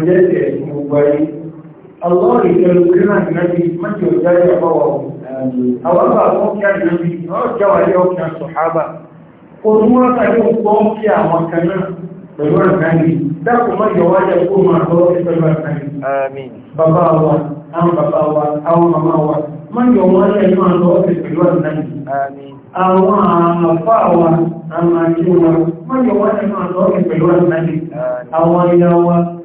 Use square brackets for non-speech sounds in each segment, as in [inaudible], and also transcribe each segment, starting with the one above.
lẹ́sẹ̀ gbogbo ayé aláwọ̀ ìjọlù kírínà ìrìnàjì mọ́jọ jáde àbáwọ̀ àwọn àwọn kí a ìrìnàjì náà jáwà yọ kí a sọ hábà kò tún wọ́n tàbí pọ́ kí àwọn kan náà pẹ̀lú àkàní dákò mọ́jọ wájẹ kó máa lọ sí pẹ̀lú àkàní bàbá wa àwọn bàbá wa àwọn màmá wa mọ́jọ wájẹ máa lọ sí pẹ̀lú àkàní àwọn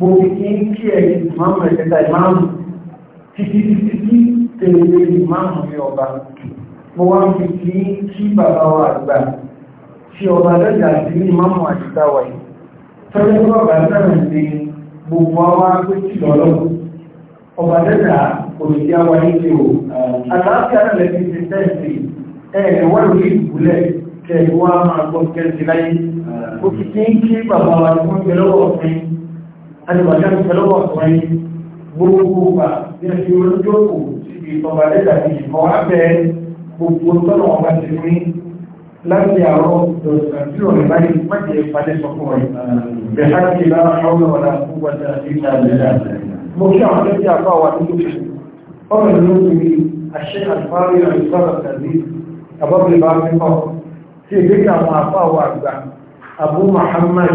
mo fi kí ń kí ẹ̀ ìmáàmù ẹ̀kẹta ìmáàmù títí títí tí tèrè ìmáàmù ní ọba mo wá ń fi kí ń kí bàbá wa àgbà tí ọba lẹ́jà sí ní ìmáàmù àjíta wà yìí tọ́lẹ́ bàbá náà ní gbogbo àwọn agbẹ́tì lọ́lọ́ ọba lẹ́jà òṣìṣẹ́ àwa yìí ti o àlàáfíà náà lẹ́sìn ti tẹ́ẹ̀sì ẹ̀ẹ̀ wọ́n rí ìbúlẹ̀ kẹ̀ẹ̀wá máa gbọ́ kẹ́ẹ̀sì láyé mo fi kí ń kí bàbá wa ní wọ́n jẹ lọ́wọ́ adìmọ̀jọ́ ti fẹ́lọ́wọ́ ọ̀tọ́rin gbogbo ọgbà bí ẹ̀ṣẹ́ olójókòó síbi ìtọ́ba lẹ́dà ní ìkọ́ abẹ́ gbogbo tọ́nà ọba ti rí láti àárọ̀ ìdọ̀sán tí ọ̀rẹ́ báyìí má jẹ́ ìpàdé sọ́kọ̀ rẹ̀ bẹ̀ á ti lára ọ̀rọ̀ ọ̀la púpọ̀ tí a ti ń ta mo kí àwọn tó ti àpá wa nínú fi ọmọ ìlú mi àṣẹ àlùfáàrí àlùfáàrà tàbí àbọ̀bìlì bá fi kọ́ sí ìgbésẹ̀ àwọn àpá wa àgbà Abu Muhammad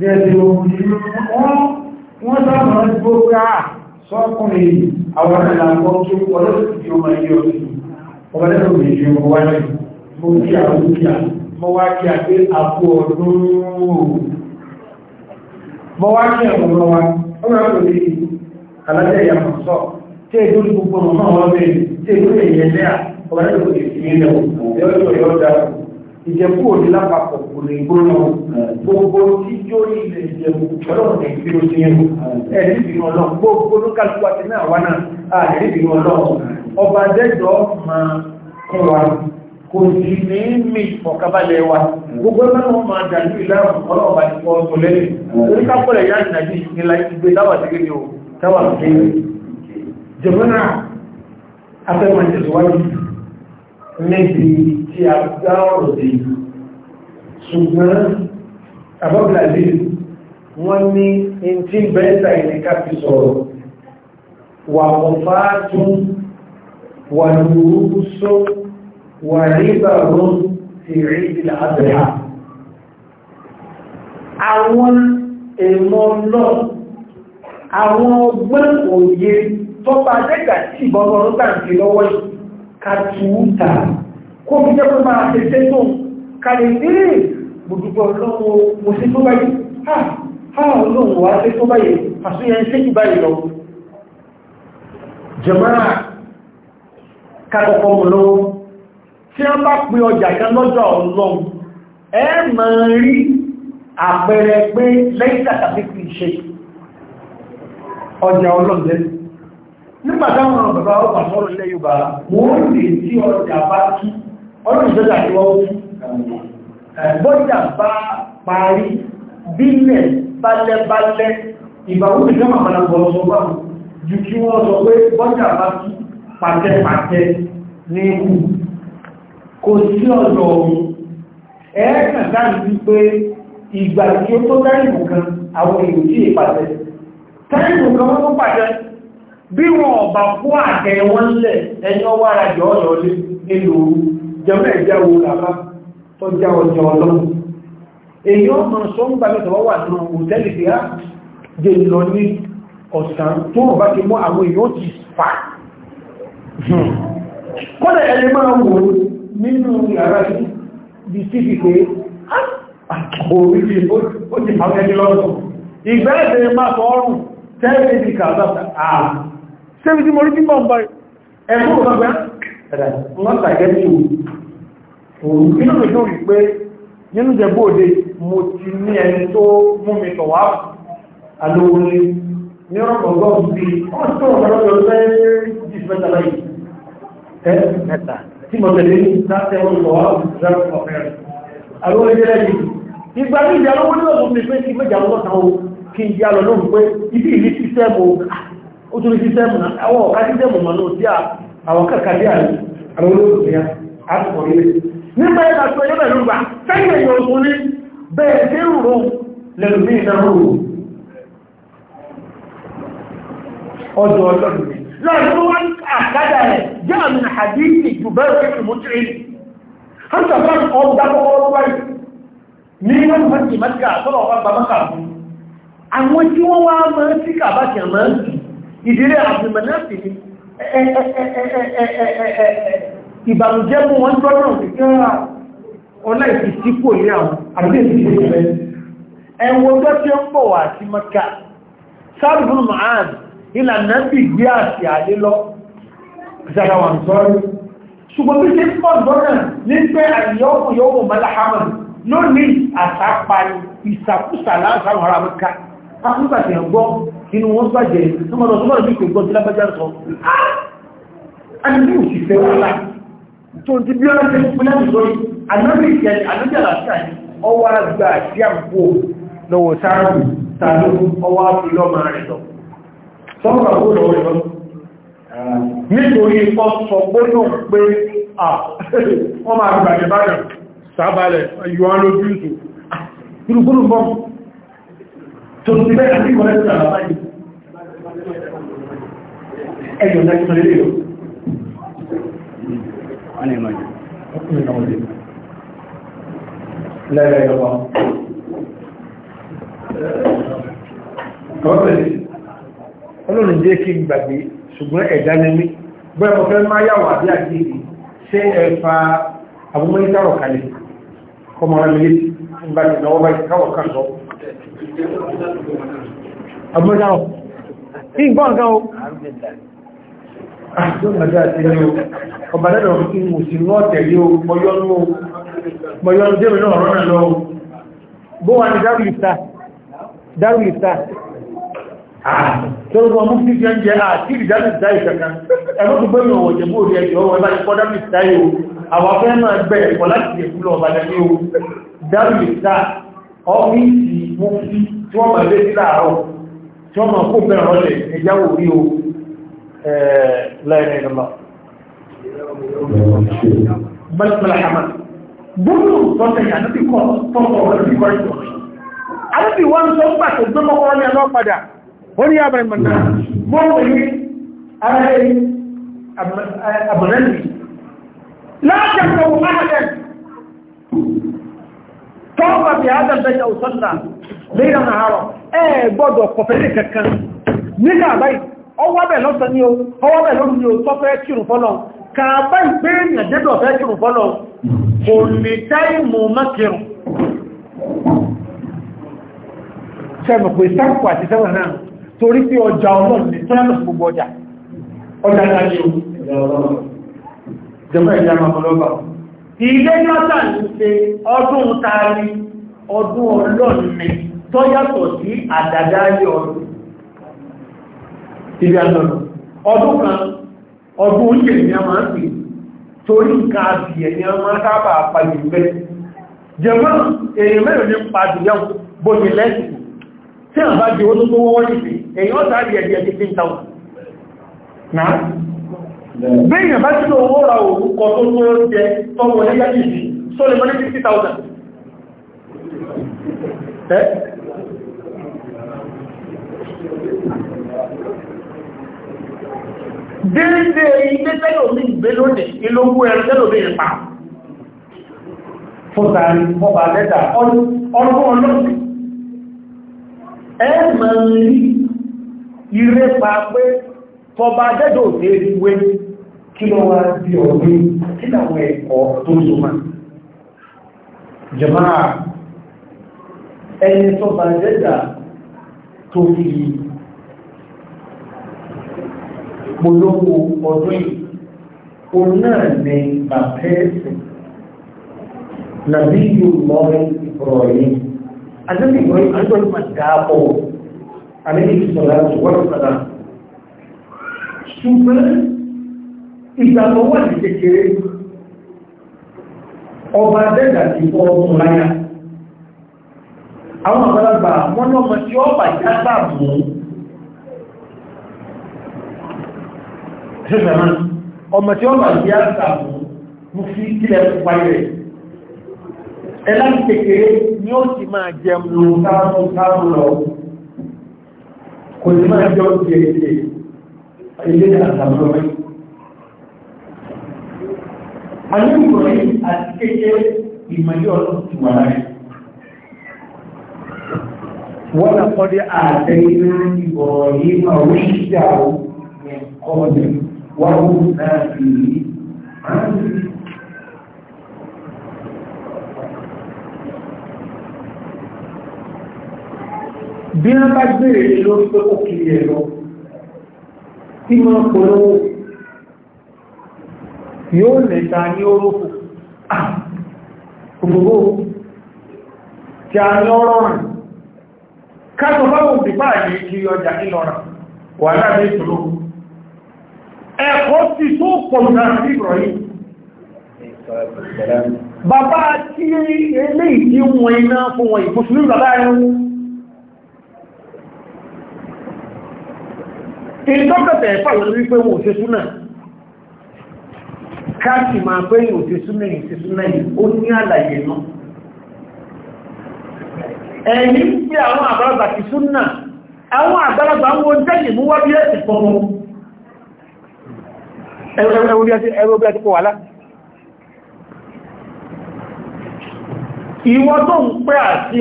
bẹ̀rẹ̀ òmìnir wọ́n sábà gbó káà ah, sọ́kùnrin àwọn ìlànà tó wọ́n ti ọmọ ilé ọdún ọmọdé òmìnir ṣe mọ́ wáyé mọ́ kí àwúkíà mọ́ wá kí a pé àpò ọdún mọ́ wá kí ẹ̀mọ́ lọ wá ọmọ ìlú alájẹ́ ìyàmọ̀ sọ tí èdè olùgbogbo ọmọ ọmọ ọmọ ọmọ ọmọ ọmọ ọmọ ọmọ ọmọ ọmọ ọmọ ọmọ ìjẹ̀bú òní lápapọ̀ kò lè gbóná gbogbo tí jó ilẹ̀ ìjẹ̀bú pẹ̀lú ọ̀nà ìfìrò sí ẹnu ẹ̀rí ìbìnú ọlọ́ gbogbo lókàlùkù àti náà wá náà ẹ̀rí ìbìnú ọlọ́ ọba dẹ́jọ́ máa kún wa kò sì ní mí ọ̀kabalẹ̀ wa gbogbo ẹgbẹ́ náà máa dàjú ìlànà ọlọ́ọ̀bà ti kọ́ ọ̀tọ̀ lẹ́yìn oníkàpọ̀lẹ̀ yá ìdàjì ìnira ìgbé táwà sí kéde o táwà sí kéde jẹ̀mọ́nà afẹ́mọ̀ ìtẹ̀síwájú níbi tí a gbá ọ̀rọ̀ dé ṣùgbọ́n àbọ́gbàdé wọ́n ní in tí bẹ́ẹ̀ta ìrìnká fi sọ̀rọ̀ wà kọfà tún wà lóòrú só wà ríbàrún ti rí ìlà àbẹ̀hà àwọn èèmọ̀ náà àwọn ọgbọ́n òye tọ́pàá dẹ́gbà tí ìbọn ọlọ́tàǹtì lọ́wọ́ yìí kàtúntà kó bí jẹ́ pé máa ṣe ṣe tó kàlẹ̀ ìdílé gbogbo ọlọ́wọ́ mo sí tó báyìí ha ha ọlọ́wọ́ wá sí tó báyìí àṣíyàn ṣe jù báyìí lọ jẹmọ́ra kàkọ̀kọ́ mọ̀ lọ́wọ́ tí wọ́n bá pín ọjà kan lọ́jọ́ ọlọ́run ẹ máa rí nígbà táwọn ọ̀rọ̀ bàbá ọ̀pá sọ́rọ̀ ilẹ̀ Yorùbá mo ń lè tí ọ̀rọ̀ jà bá tú ọ̀rọ̀ ìjọba tí wọ́n tú bọ́jà bá parí bílẹ̀ balẹ̀balẹ̀ ìbàwó ìjọ màmàlà gbọ́ọ̀sọ̀ bá ju kí wọ́n sọ pé bọ́jà bá tú pàtẹ́pàtẹ́ ní ikú kò sí ọ̀dọ̀ ọ̀hún ẹ̀ẹ́kàn dáàbí wípé ìgbà tí ó tó táìmù kan àwọn èrò tí ìpàtẹ́ táìmù kan wọ́n tó pàtẹ́ bí wọn ọ̀bà kú àtẹ wọn lẹ̀ ẹni ọwọ́ ara jọ ọ̀yọ̀ lé nílò ooru jẹmọ́ ẹ̀já wo làbá tó já ọjọ́ ọlọ́run èyí ọmọ sọ ń gbà mẹ́ta wọ́n wà nínú òtẹ́lì tí a ah, jẹ lọ ní ọ̀sán tó wọ́n bá ti mọ́ àwọn èèyàn ti fà hmm. kọ́nà ẹni máa wò nínú yàrá bí síbi pé orí ah, ó ti pàwọn ẹni lọ́rùn ìgbẹ́ ṣébi tí mo rí bíbọ̀ ń bọ̀ ẹ̀mú ọ̀gbẹ́ ẹ̀dà wọ́n tàgẹ́ tí òun inú mi tó rí pé nínú jẹ́bú òde mo ti ní ẹni tó mú mi tọ̀ wá alówó ní ní ọ̀pọ̀gbọ́n bí wọ́n tó ọ̀pọ̀lọpọ̀ fẹ́ jù mẹ́ta láyé tẹ́ mẹ́ta tí mo tẹ̀lé láti ẹwọ́n tọ̀ wá ìjọba ọ̀fẹ́rẹ́ alówó ní lẹ́yìn ìgbà ní ìjà lówó ní ọ̀pọ̀ mi pé kí méjà lọ́sàn-án kí n yá lọ lóhùn pé ibi ìlú sísẹ́mù ó tún sí sẹ́mù náà àwọn ọ̀ká sí sẹ́mù mọ̀ náà sí àwọn kàkàdé àwọn olóògbé àtùkọ̀ ilé nígbà ẹ̀ta tó ẹgbẹ̀ ló gbà sẹ́yìn èèyàn òkú ní bẹ́ẹ̀ tí ń rò lẹ́nu bí iná rò ọjọ́ ọjọ́ lórí láàrín wọn àkádà rẹ̀ jẹ́ àmì àdíjì jù bẹ́ẹ̀ fẹ́ ìmútìrí hansa fún ọgbà kọ́kọ́rọ́ wáyé ní wọ́n mọ̀ sí mẹ́tíkà tọ́lọ̀ ọgbà mẹ́kà fún àwọn tí wọ́n wá mọ́ sí kàbákẹ̀ mọ́ sí ìdílé àbùmọ̀lẹ́sì ni ìbànújẹ́ mú wọn tọ́rọ ìkẹ́ra ọlá ìfìsí kò ní àwọn àbúlé ìfìsí rẹ̀ ẹwọ́n tó tí ó ń bọ̀ wà sí maka sáàbùn ma'ad ìlànà bí gbé àti àlé lọ ìsára wà ń sọ́rọ̀ ṣùgbọ́n bí ṣe pọ̀ lọ́nà ní pé àyọ́kùn yóò mọ̀ Ah, nígbà tí wọ́n gbọ́ inú wọn bàjẹ́ tó mọ̀ lọ́sọ́mọ́ ìlú kò gbọ́ sí lágbájá sọ ah! àdúgbò òṣìṣẹ́ wọn lá tó ti bí ọ́nà tẹ́lú fún láti sọ yìí ànábì ìṣẹ́ ànábì àlàáfíà ni ọwọ́ àgbà àti àpò lọ́wọ́ sáàrù tàbí ọwọ́ àpò lọ́mọ rẹ̀ lọ sọ́mọ̀ àpò lọ́wọ́ rẹ̀ lọ nítorí ọ sọ gbónà pé à wọ́n máa gbàjẹ̀ báyọ̀ sábàlẹ̀ yọ tó ti bẹ́ẹ̀ àti kọ́lẹ́ tó tàbá báyìí ẹ̀yọ̀ lẹ́kùn lórí ìlú lẹ́rẹ̀ẹ́yọ̀wọ́ ọlọ́run jẹ́ kí gbàgbé ṣùgbọ́n ẹ̀dá lẹ́mí bẹ́ẹ̀ mọ̀ fẹ́ máa yàwó àbí àgbègbè ṣe ẹ̀fà àwọn mọ́ ìtàrọ̀ kalẹ̀ kọmọ̀rọ̀ mi lé àbúrúdá ọ̀ tí gbọ́n kan ah, ó àjọ́gbàjá àti ẹni ọba lẹ́dọ̀ kí mo sì rọ́ tẹ̀lé o mọ̀yọ́nú jẹ́rì náà rọ́nà lọ bó wà ní dáwìlìta ah, tó rọ́ mú fífí ẹn jẹ́ àti ah, ìdáwìlìta ìṣẹ̀kan ẹ̀mọ́ tó gbẹ́mọ̀ ọ̀wọ̀ jẹ́ bóòrí ẹjọ́ ọwọ́ ẹbá ikọ́ dáwìlìta yóò àwọn afẹ́ náà gbẹ̀ẹ̀kọ́ láti ẹ̀kú lọ ọ̀bàdàn ní o dáwìlìta ọ́fíìsì mufti tí wọ́n máa lé sí láàárọ̀ tí wọ́n máa kó bẹ̀rẹ̀ rọ́lẹ̀ ẹjáwò rí o lẹ́rìn lọ mọ́lẹ̀mọ́lẹ̀hàmà gbogbo tọ́tẹ̀ àti kọ́ tọ́tọ̀ ọ̀rẹ́ bí kọ́ ìtọ̀ àti wọ́n sọ pà tó gbé mọ́kọ́ ní ọlọ́ padà wọ́n ní àbẹ̀rẹ̀ mọ̀nà mọ́wọ̀nyí ara ẹ̀ àbẹ̀rẹ̀ láti ẹ̀kọ́ tọ́ọ̀bà bí ádà lẹ́yà òsọ́nà lẹ́yà nàárọ̀ ẹ gbọ́dọ̀ kọfẹ́lẹ̀ kankan nígbà báyìí ọwọ́bẹ̀ lọ́sàn ní o ọwọ́bẹ̀ lọ́rùn ní o tọ́fẹ́ kírùn fọ́lọ̀ kàbá ìgbé ìyàjẹ́dọ̀ fẹ́ kírùn fọ́lọ̀ kò ní táìmù mọ́kírùn sẹ́mù pé sáàkù àti sẹ́wọ̀n náà torí pé ọjà ọlọ́run ní tọ́lọ́sì gbogbo ọjà ọjà ilé yọ́ta ń ṣe ọdún tààrí ọdún ọlọ́ni tó yàtọ̀ sí àdàdáyé ọdún ilé àtọ̀nà ọdún kan ọdún oúnjẹ ní a máa ń pè torí nǹkan àbí ẹni a máa sábà pàdé ìgbẹ́ jẹmọ́ èyàn mẹ́rin ní pàdé yàn bóyí lẹ́sìkò tí àbájẹ́ ó tó tó wọ́wọ́ Béèyàn bá tí owó ra òkúkọ tó tó jẹ tọ́wọ́ ní yá ìdí, só lè mọ́ ní 60,000. Ẹ́? Déédé ilé tẹ́lò mi gbé lónìí, ilógún ẹ̀rọ tẹ́lò mi pa. Fọ́ta ni, ọba lẹ́ta, ọdún ọlọ́sìn. Ẹ tọba dẹ́dọ̀ òtẹ́ ìwé kí lọ wá bí ọ̀gbé kí làwọn ẹ̀kọ́ tó so máa jẹmáà ẹni tọba dẹ́dà tó fi polówó ọdún yìí òun náà ní bàtẹ́ẹ̀sì nàbí yóò lọ́rin ìbọ̀rọ̀yìn adébìnrin adébìnrin máa dáàbò àmì ìṣọ̀lá ìwọ́n sọ̀rọ̀ ṣùgbọ́n ìgbàgbọ́ wà ní kékeré ọba dẹ́gbà ti kọ́ ọdún láyà àwọn àgbàlagbà wọn náà mọ̀ tí ọba jágbà mú ṣẹ́gbẹ̀rán ọmọ tí ọba jágbà mú mú sí kílẹ̀ pàyẹ̀ ẹ láti kékeré ni ó ti máa jẹun lọ sáàmù lọ kò sí máa jọ jẹ́ ìdíyẹ̀ ilé àtàlọ́wẹ́. Àlébùrẹ́ àti kékeré ìmọ̀lẹ́ ọdún ti wà láyé. Wọ́n na kọ́dé ààtẹ iná ìbọ̀rọ̀ yìí máa wọ́n ṣíṣẹ́ àwọn ẹ̀kọ́dẹ̀ wà wọ́n náà fi yìí tí máa polówó yóò lẹ́ta ní orókù ah! ògbògbò tí a ní ọ̀rọ̀ rìn káàkọ̀ bá wùn pípà yìí kiri ọjà ìlọ́ra wà láàrin ìṣòro ẹ̀kọ́ sí tó pọ̀ náà sí ìrọ̀yìn bàbá tí eléyìí tí wọ́n iná fún wọn ìfòsùlú bàbá ẹ̀rùn ìdọ́kọ̀tẹ̀ ẹ̀fà yọ wípé wọn ò ṣe súnà káàkì máa pé ò ṣe súnà yìí o ó ní àlàyé náà ẹ̀yí ń àwọn àgbàlagbà ti súnà àwọn àgbàlagbà ń wọ́n jẹ́ mú wá bí ẹ̀sì fọ́nmọ́ ẹ̀rọ bí a ti tó ń pẹ́ àti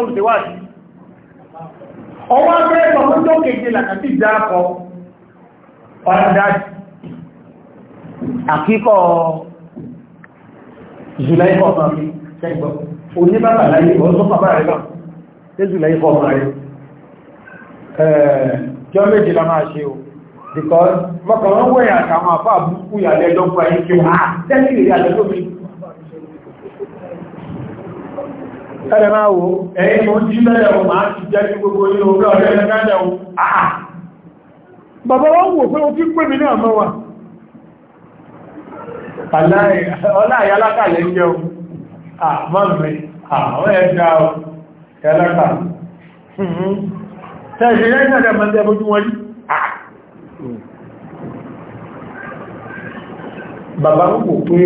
ọjọ́ ọwọ́ abẹ́rẹ́ ọmọjọ́ keje làkàtí ìjáàkọ ọ̀dájì àkíkọ́ Jùlẹ́ ọ̀sán mi ṣẹ́gbọ́ oníbàbà láyé ọ̀sán bàbá rẹ̀ náà ṣe Jùlẹ́ ọ̀sán rẹ̀ jọ méjì la máa ṣe o because mọ́kànlọ́wọ́ ẹ̀yà àtàwọn àfáà búkú ìyàlẹ́jọ́ fún ayé kí wọ́n á ah, tẹ́lẹ̀ ìrìn àlẹ́jọ́ mi ẹ̀rẹ̀ máa wo ẹ̀yìn mọ́ jí mẹ́rẹ̀ ọ̀ máa ti jẹ́ sí gbogbo ilé orí ọ̀rẹ́ ẹ̀rẹ́gẹ́rẹ́ ọ̀ àà bàbá wọ́n wò pé o ti pè mí náà mọ́ wà ọláyà alákàlẹ̀ ń jẹun àmọ́mí àwọn ẹ̀dà ẹ̀lẹ́kà tẹ́ẹ̀ṣẹ̀ yẹ́ ìsẹ̀dẹ̀ mọ́tẹ́ bójú wọ́n yìí bàbá wọ́n wò pé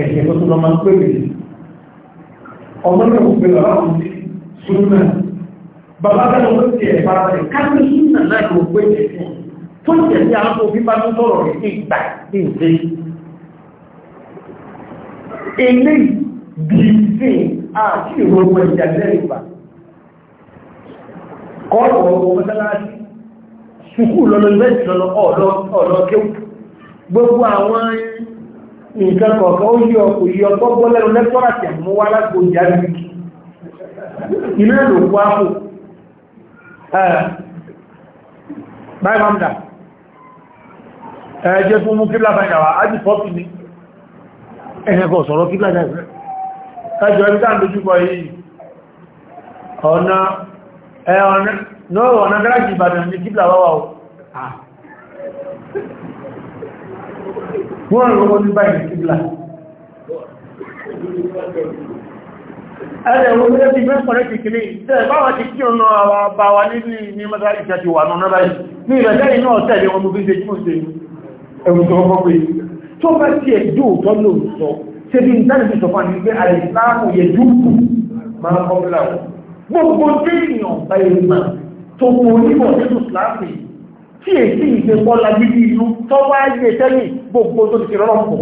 ẹ̀ṣẹ̀ tó tó lọ máa ń pè mí ọmọ náà kò pẹ̀lú àwọn ọmọdé súnmà bàbá bẹ́ẹ̀ lọ́wọ́ sí ẹ̀ bá rẹ̀ káàkiri súnmà náà kò pé jẹ́ fún tó ń tẹ̀lé àwọn òfin bá tún sọ̀rọ̀ rẹ̀ ìgbà ìgbé ilé bìíṣẹ́ àti ìrọ̀gbọ̀ ìjàlẹ̀ ìgbà kọ́ọ̀rọ̀ ọmọ mọ́sálásí sùkúù lọ́lọ́ ìgbẹ́ ìtìlọ́lọ́ ọ̀lọ́ kéwù gbogbo àwọn nǹkan kọ̀ọ̀kan ó yí ọkọ̀ yí ọkọ̀ gbọ́lẹ́nu lẹ́tọ́rà tí àmú wá láti oúnjẹ àríwíkì ilé ìlòkú ápò báyìí mamda ẹjẹ́ fún mú kíblá báyìí àwọn ájì pọ́pì ní ẹ̀ẹ́kọ̀ sọ̀rọ̀ kíblá jáde ẹjọ́ ẹgbẹ́ tàbí jùkọ yìí wọ́n rọwọ́ ní báyìí kíblà ẹ̀rẹ̀ wọ́n mẹ́rẹ́ ti mẹ́kànlẹ̀ kìkìrí tẹ́ báwọn ti kí ọ̀nà bá wa nínú ní mẹ́sàrí ìṣẹ́ ti wà náà báyìí ní ìrẹ̀lẹ́ inú ọ̀tẹ́ ìwọ̀n mú bí ṣe jímọ̀ ṣe ẹ̀rùn tó kọ́kọ́ pé tó bá ti ẹ̀dù tó lò sọ ṣe bí ìtàlẹ̀ ti sọ̀fà ní pé àìsíláàmù yẹ dúkù máa kọ́ gbogbo tí èèyàn bá yẹ mà tó mú onímọ̀ nínú ìsìláàmù yìí tí èsì ìgbẹ̀kọ́ lagidi ìlú tó wá yẹ tẹ́lì gbogbo tó ti fi rọ́rọ̀ pọ̀.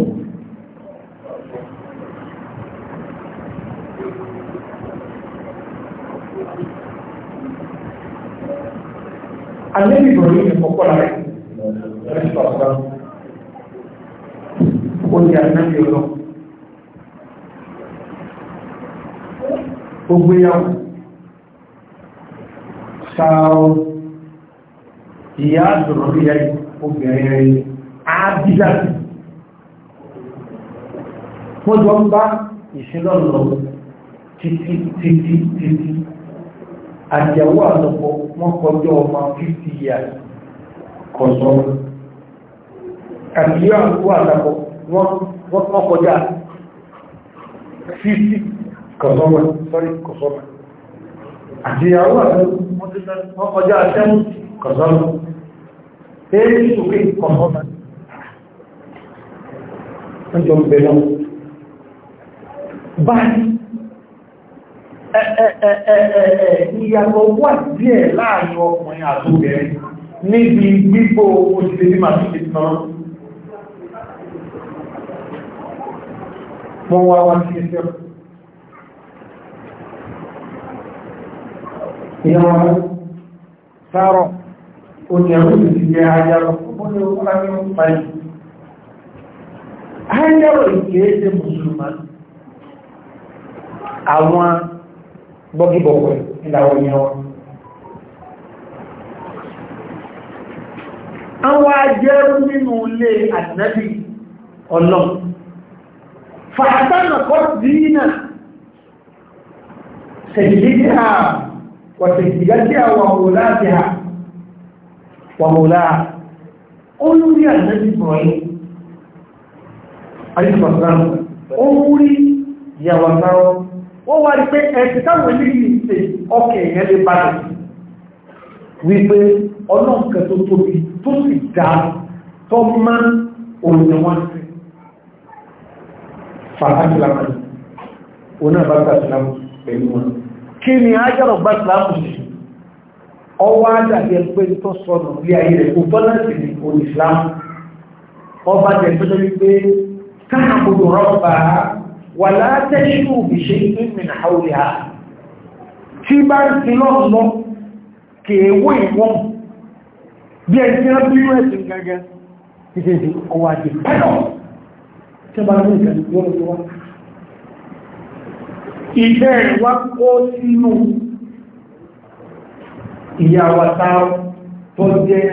Alẹ́bì bọ̀rọ̀ yìí kọ̀kọ́ lára rẹ̀sítọ̀ ọ̀gá oúnjẹ àmì ọlọ́. Gbogbo yàwó, sáà ìyá àdùrọ̀ rí ẹ obìnrin rẹ̀ ábíjáde wọ́n jọ ń bá ìṣẹ́lọ́lọ́ títí títí títí àjẹ̀wò àlọ́pọ̀ wọ́n kọjọ́ ọmọ 50 years kọ̀sọ́ àjẹ̀wò àlọ́pọ̀ àlọ́pọ̀ wọ́n kọjá 50 kọ̀sọ́mọ̀ sorry kọ̀sọ́mọ̀ àjẹ̀wò àlọ́pọ̀ wọ́n kọjá 10 kọ̀sọ́mọ̀ Eéṣù rí nǹkan ọmọ. Wọ́n wà díẹ̀ láàrin ọkùnrin àtúbẹ̀rẹ̀ níbi gbígbó oṣìṣẹ́ ní màá ṣe tán. Wọ́n wá wá sí ẹsẹ̀. Ìyàwó sáárọ̀. oníyàwó ti jẹ ayáwó fún ní ọkọ̀ ní ọpa ẹ̀. ayáwó ìkéèdè mùsùlùmá àwọn gbọ́gibọ̀pọ̀ ìlàwọ̀ ìyàwó àwọn ajẹ́rú nínú ilé àdínábì ọlọ́ fàtánà kọ́ dínà sẹ̀jìdíkà wàtẹ̀jìdíkà wà wò láti ha wàmúlá olórí àjẹ́bí ìbòròyìn alìsọ̀sán ó mú rí ìyàwàtàrọ ó wà rí pé ẹ̀sì táwọn ilé ìṣe ọkẹ̀ ìyẹn lè bá rẹ̀ wípé ọlọ́nkẹ tó tóbi tó sì dá tó má òyìnwọ́n sí fàtàkìlámà onábàtàkìlámà pẹ̀lú wọn kí ni ájọ́rọ̀ gbàtàkìlámà sí ọwọ́ àdàbí ẹgbẹ́ tó sọ̀rọ̀ bí ayé rẹ̀ kò tọ́lá sí ní olùsìlám ọba jẹ́ pẹ́lú wípé káà gbogbo rọ́bà wà látẹ́ṣù ìṣe ìmìnà àwòrẹ́ ha tí bá ń fi lọ́nà kèèwò ìwọ̀n bí ẹni tí wọ́n bí us gẹ́gẹ́ títí di ọwọ́ àti pẹ́lọ̀ tí bá ní ìkẹ́ ìbẹ̀rẹ̀ wá kó sínú ìyá wa sáà tó jẹ́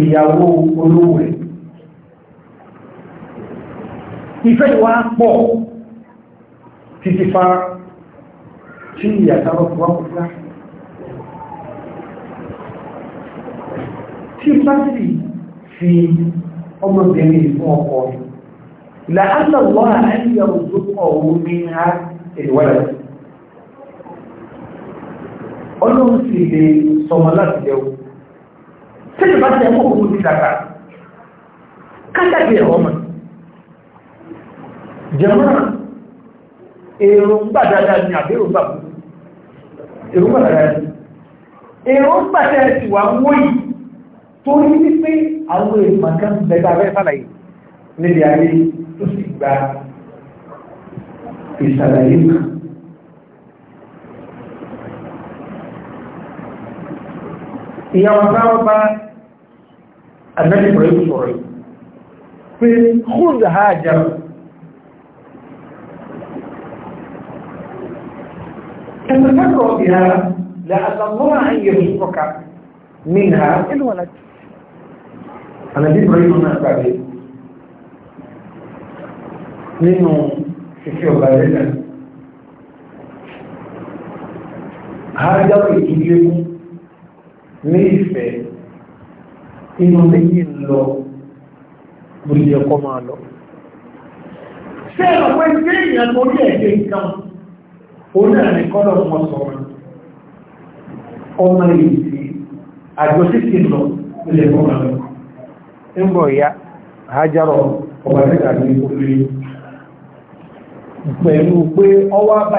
ìyàwó olówó rẹ̀. Ìfẹ́ ìwà pọ̀ títí fa tí ìyàtàwó fúwákúfúwá. Tí fásitì fi ọmọbìnrin ìfún ọkọ̀ rẹ̀, làálàwọ́ àárín ọ̀rọ̀ tó pọ̀ omi ha ìwọ̀lẹ̀ ọlọ́run sì lè sọmọ láti jẹ́ o tẹ́lẹ̀ bá jẹ́ mọ́kùnkú ti dàgbà kájàgbé ẹ̀họ́ mọ̀ jẹ́mọ́ èròǹgbà dáadáa ni àbí èròǹgbà kú èròǹgbà dáadáa ni èròǹgbà tẹ́lẹ̀ sì wà ń wóyìí torí wípé àwọn èèmọ̀ kan bẹ̀rẹ̀ abẹ́ sàlàyé níbi ayé tó sì gba ìsàlàyé kan ìyàwó sáwọ́ bá ànábì Ibrahim sọ̀rọ̀ yìí pé khud بها لأن الله أن يرزقك منها الولد أنا دي بريد من أبابي منه في بلدنا هذا يجيب N'ife, ìfẹ́ inú méjì ń lọ gbogbo ẹ̀kọ́ máa lọ. ṣé ọ̀pẹ́ tí èèyàn tó rí ẹ̀jẹ̀ nǹkan òun náà ní kọ́lọ̀ ọmọ sọ̀rọ̀ ọmọ yìí sí àjọ títí lọ ilẹ̀ máa lọ. ń bọ̀ ya àjárọ̀ ọba nígbà pẹ̀lú pé ọwọ́ bá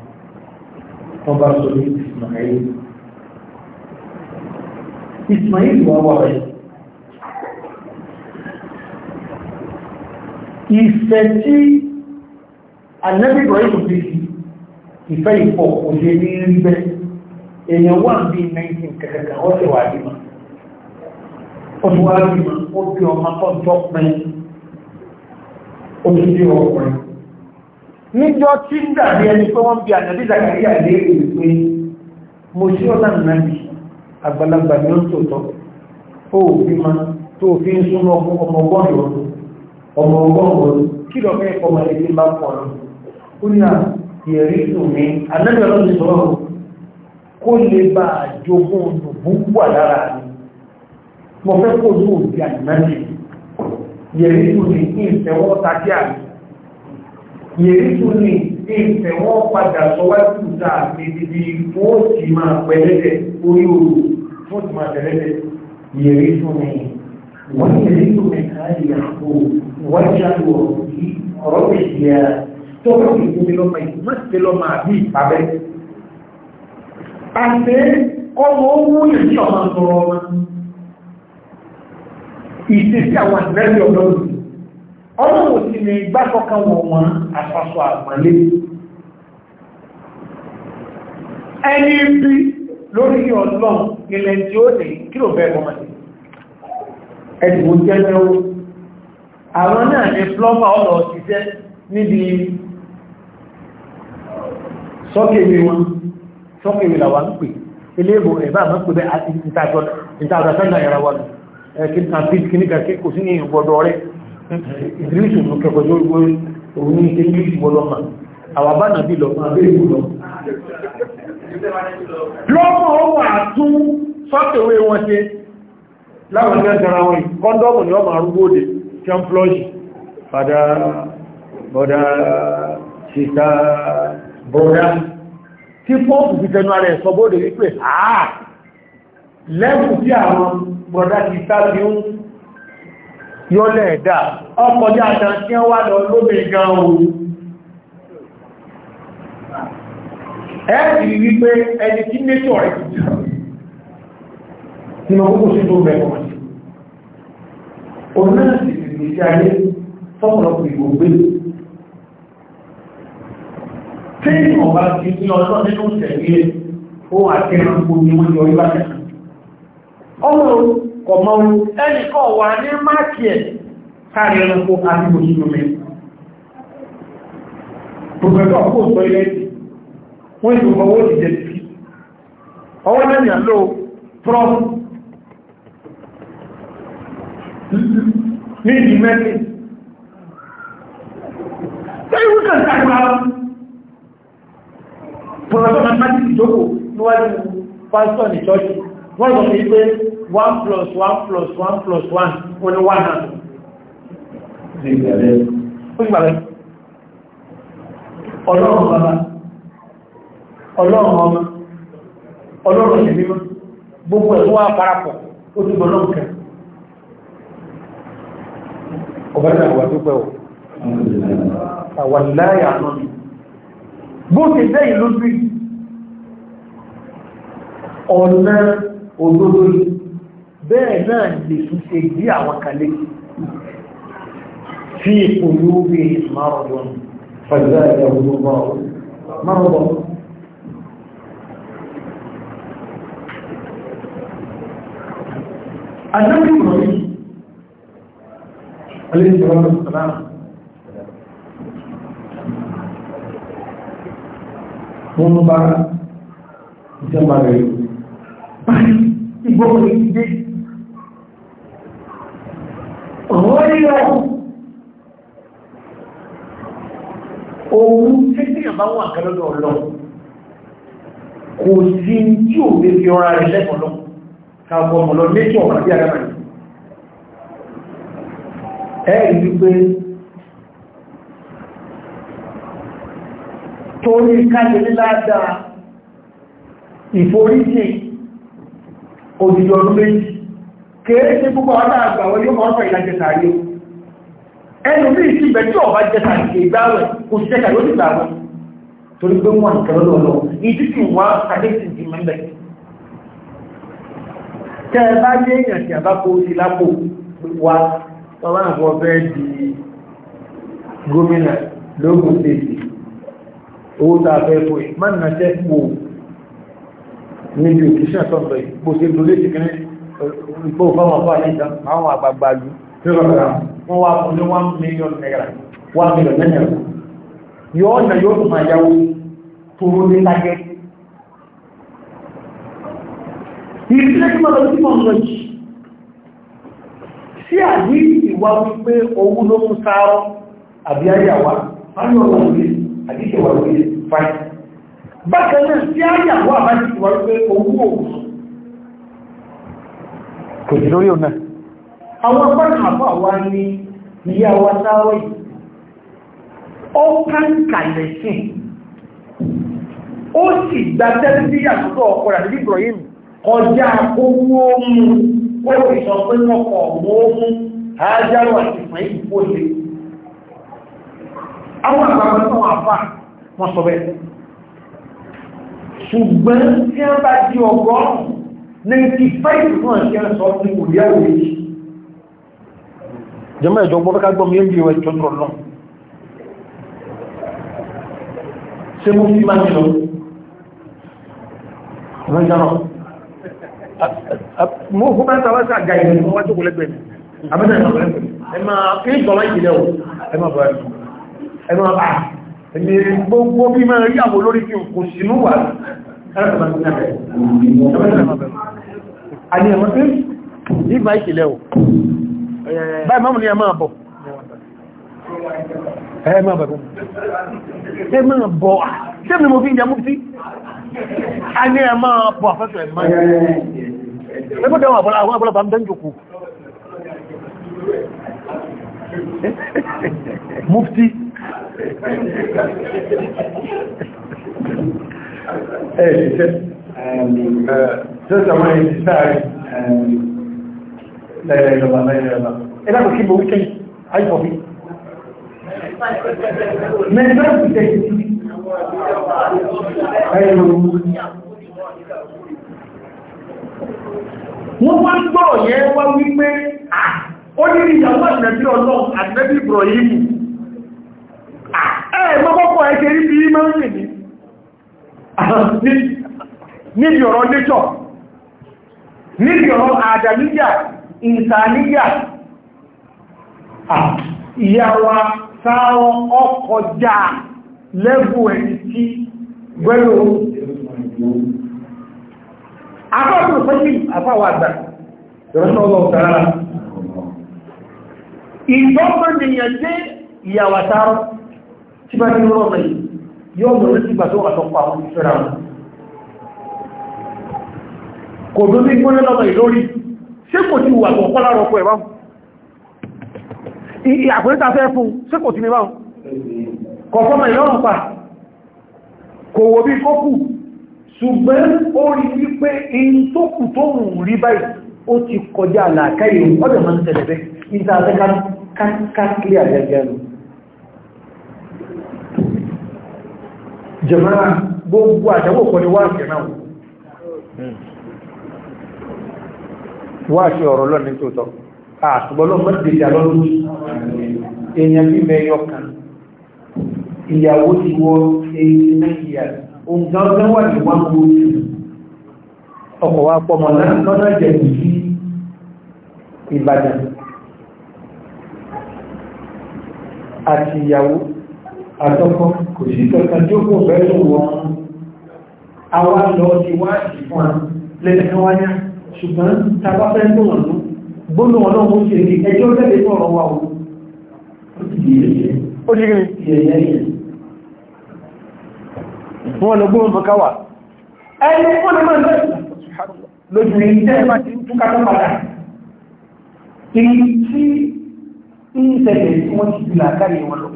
wọ́n bá sọ ní Ismail Ismail wà wà rẹ̀ ìfẹ́ tí Ànábì Ibrahim fi ìfẹ́ ìpọ̀ òjè ní rí bẹ́ẹ̀ èèyàn wà bí 19 kẹkẹkẹ wọ́n ti wà bímọ ọdún wà bímọ ó bí ọmọ níjọ́ tí ń dàbí ẹni pé wọ́n bí ànàbí Zakaria lè rí pé mo sí ọ̀nà nàbí àgbàlagbà ní oúnjẹ tọ́ ó bí ma tó fi ń súnmọ́ fún ọmọ ọgọ́rùn ọdún ọmọ ọgọ́rùn ọdún kí lọ fẹ́ ọmọ ẹgbẹ́ bá pọ̀ lọ ó ní àyẹ̀rí kí ìfẹ́wọ́ yèrí tó ní ìfẹ́ wọ́n padà sọ́wájú sáà ti di bí wọ́n ti máa pẹ̀lẹ́dẹ̀ orí oòrùn wọ́n ti máa pẹ̀lẹ́dẹ̀ yèrí tó ní wọ́n yèrí tó ní káàdì àpò wọ́n jáde ọ̀rọ̀ yìí ọ̀rọ̀ mi sì yà tó bá fi ìfúnmi lọ́mọ yìí má ti lọ́mọ àbí ìpàbẹ́. àti ọmọ owó ìṣọ̀mọ̀ sọ̀rọ̀ ọmọ àwọn àtìlẹ́yìn ọ̀dọ́ ọlọ́run sì lè gbákọ̀ọ́kan wọ̀n wọ́n àfàṣọ àpọ̀lé ẹni bí lórí ọlọ́run ilẹ̀ tí ó lè kí ló bẹ́ẹ̀ kọmọ̀ sí ẹ̀dùn jẹ́jẹ́ ó àwọn náà ní plọ́mà ọlọ́ ṣiṣẹ́ níbi sọ́kèwé wọn sọ́kèwé làwà ń pè iléèbò ẹ̀bá mọ́ pẹ̀lẹ́ àti ìtàjọ́ ìtàjọ́ sẹ́gbà yàrá wọn ẹ̀kí ìdírísù ló kẹ́kọ̀ọ́ yóò gbé òun ní ṣe ìdírísù wọ́n lọ́mà àwọn bá nàbí lọ máa bẹ́ẹ̀ mú lọ lọ́mọ ó wà tún sọ́tẹ̀wé wọn ṣe láwọn ẹgbẹ́ jẹra wọn kọ́ndọ́mù ni wọ́n máa rúgbó dé champlọ́jì fada bọ́dá síta bọ́dá tí pọ́ọ̀pù fi tẹnu ara ẹ̀sọ́ bóde wípé àà lẹ́kùn tí àwọn bọ́dá síta fi ń yọ́lẹ̀ ẹ̀dà ọkọ̀já àtàn tí wọ́n wá lọ lóbi gan ohun ẹ̀ẹ́sì wípé ẹni tí mẹ́tọ̀ rẹ̀ ti mọ̀ púpọ̀ sí tó bẹ̀rẹ̀ wọ́n sí onáàsì ìgbésí ayé fọ́pọ̀lọpọ̀ ìgbògbé tí ìwọ̀nba ti ní ọjọ́ nínú ìṣẹ̀lẹ̀ ohun àti ẹranko ni wọ́n yọ ibájẹ́ ọmọ kọ̀mọ́ ẹnìkọ̀ wà ní máàkì ẹ̀ káàrí ẹranko àti mùsùlùmí pòfẹ́tọ̀ kò sọ ilẹ̀ ẹ̀sì wọ́n ìlú ọwọ́ ìjẹ́ sí ọwọ́ lẹ́yìn àlò trump ní ìdí mẹ́rin lẹ́yìn wúkàn kàkàrà pòfẹ́tọ̀ mathematics ìjókòó níwájú pásítọ̀ ní chọ́ọ̀ṣì wọ́n lọ sí pé one plus one plus one plus one wọ́n ní one hand. ó sì gbàgbé ọlọ́run bàbá ọlọ́run ọmọ ọlọ́run ṣe mímọ́ gbogbo ẹ̀kọ́ wá parapọ̀ ó ti gbọ́nà nǹkan ọ̀bẹ̀rẹ̀ àwọn tó pẹ̀wọ̀ àwàláyà náà bó ti dẹ́ ìlú sí ọ̀nà òdòdó yìí bẹ́ẹ̀ náà lè tún ṣe gbé àwọn kalẹ̀ fi ipò lórí márùn-ún fàgbà ìyàwó márùn-ún Adájú ìrọ̀lẹ́ alẹ́ ìrọ̀lẹ́ wọ́n bá ìjọba rẹ̀ báyìí ìgbọ́kùnrin rọ́lẹ̀ ohun títí àbá wà kẹlọ́dọ̀ ọlọ́ kò sí tí ò lè fi ọra rẹ̀ lẹ́kọ̀ọ́ lọ káàkọ́ ọmọlọ méjì ọ̀rọ̀ àbí àgbà rẹ̀ ẹ̀ ìlú pé torí káàkiri ládàá ìforíjì òjìjọ ọdún méjì kèé ṣe púpọ̀ ọ̀dá àgbàwọ̀ yóò mọ́ ọ̀pọ̀ ìlàjẹ̀ sàárì ẹnu bí i ti bẹ̀ tí ọba jẹ sàárì kè gbáwẹ̀ kò sí ẹ̀kà yóò ti gbàwẹ̀ torí pé wọ́n nìkan lọ́dọ̀ lọ ìdí sì wá sàdéṣì ti mẹ́lẹ̀ tẹ́ ẹ bá yé èèyàn sí àbá kó sí lápò wa ọba àbọ̀ fẹ́ di gómìnà lóògùn tèèsì owó tá a fẹ́ fún ẹ má nà jẹ́ pò níbi òkè sí àtọ́ńtọ́ yìí bó ṣe ti kẹ́rin ìgbó fọ́mọ̀ fọ́ ayé ìtàn àwọn àgbàgbà lù wọ́n wá fún ní one million naira one million naira yóò nà yóò tún máa yáwó tóró ní lágẹ́ ìrìnlẹ́ tí wọ́n lọ sí mọ̀ lọ jì sí àdí ìwà wípé owó ló mú sáárọ̀ àbí ayàwá ayọ̀wà wípé àdíṣẹ́wà wípé fáì bákan náà sí ayàwó àbájì ìwà wípé owó òun kò sí lórí ọ̀nà àwọn pẹ́kà fà wá ní ilé àwọn sáwẹ̀ ó kàǹkàlẹ̀ sí ó sì gba tẹ́lifíyà tó ọkọ̀ rà níbi Ibrahim kọjá owó mú ó fi sọ pé mọ́kọ̀ owó mú ájáró àti ìfẹ́ ìfòlè àwọn àgbàgbà náà àfà wọ́n sọ bẹ́ẹ̀ ṣùgbọ́n tí wọ́n bá di ọgọ́rùn-ún 95 náà kí a sọ ní kò yá òwe yìí jẹ́mọ́ ẹ̀jọ́ gbọ́ bẹ́ká gbọ́ mi ń bí ìwẹ̀ tó tọ̀rọ̀ náà ṣe mú sí máa ń lọ lọ́jọ́rọ̀ mú fún bá ń tàwọ́ sí àga ìrìn wọ́n wá tó kò lẹ́gbẹ̀ẹ́ àbẹ́sẹ̀ ẹ̀ máa kí ìtọ̀lá ìjìnlẹ̀ ò ẹ máa bọ̀ ẹ máa bá ẹni gbogbo bí máa rí àwọn olórí fi kò sínú wà ẹ̀rọ àní ẹ̀mọ́ tí ìgbà ìkìlẹ̀ ò báyìí mọ́mù ní ẹ máa bọ̀ ẹ máa bọ̀ ẹ máa bọ̀ ṣe mi mo fi ń jẹ múfí àní ẹ máa bọ̀ àfẹ́sọ̀ ẹ̀ máa ẹgbẹ́ dáwọn àwọn àbúrọ̀bà ń dẹ́njòkó tó sọmọ ẹ̀sì sáàrí lẹ́rẹ̀ ìjọba lẹ́rẹ̀ ìjọba ẹ̀lá kò kí bọ̀ wíkẹ́ àìfọ̀bí wọ́n wá ń gbọ́ yẹ wá wípé ó ní ìyàwó ànàbí ọlọ́run ànàbí Ibrahim ẹ̀ẹ̀mọ́kọ́kọ́ ẹ̀kẹ́ rí bí mọ́rin ní níbi ọ̀rọ̀ nature níbi ọ̀rọ̀ àdàmíyà ìsàníyà ìyá wa sáárọ ọkọjá lẹ́bù ẹni tí gbẹ́lò afẹ́kùn sọ́jú àfáwà àgbà ìrọ́sọ́lọ́ ọ̀tàrà ìjọ́mọ̀nìyàn dé ìyàwà sáárọ tí bá ní rọ́mọ̀ yìí yóò mọ̀ kò tó ní gbóná lọ́mọ ìlórí ṣé kò ti wà tó kọ́lá rọ̀kọ́ ẹ̀ báhùn àpẹẹta fẹ́ fún ṣé kò ti ní báhùn kọ̀ọ̀kọ́mọ̀ ìlọ́rùn pa kò wò bí kó kù ṣùgbọ́n ó rí wípé in tó kù tó rùn rí báyìí ó ti kọjá àlàkáyè ọdọ̀ máa ń tẹ̀lẹ̀ bẹ́ ìta àtẹ́ká káàkiri wá ṣe ọ̀rọ̀ lọ́nà tó tọ́ àṣùgbọ́lọ́ mọ́tẹ̀ẹ̀dà lọ́rùn èèyàn bí mẹ́yọ kan ìyàwó ti wọ èyí nàìjíríà ohun gangan wà ní wọn kó ọkọ̀ wa pọ̀ mọ́ lọ́nà jẹ̀bi sí ìbàdàn àti ìyàwó àtọ́kọ́ kò sí tọ́ta tí ó kò bẹ́ẹ̀ lò wọ́n àwọn àlọ́ ti wá ìfún lẹ́nu wáyà ṣùgbọ́n tàbá fẹ́ tó wọn nú gbóná wọn náà wọ́n ṣe ní ẹjọ́ lẹ́lẹ́ tó ọ̀rọ̀ wa o ó ti rí wọn lọ gbóhùn mọ́ká wà ẹni wọ́n lè máa ń bẹ́ẹ̀ ti túká tó padà èyí tí ń ṣẹlẹ̀ tí wọ́n ti gbìlà káyé wọn lọ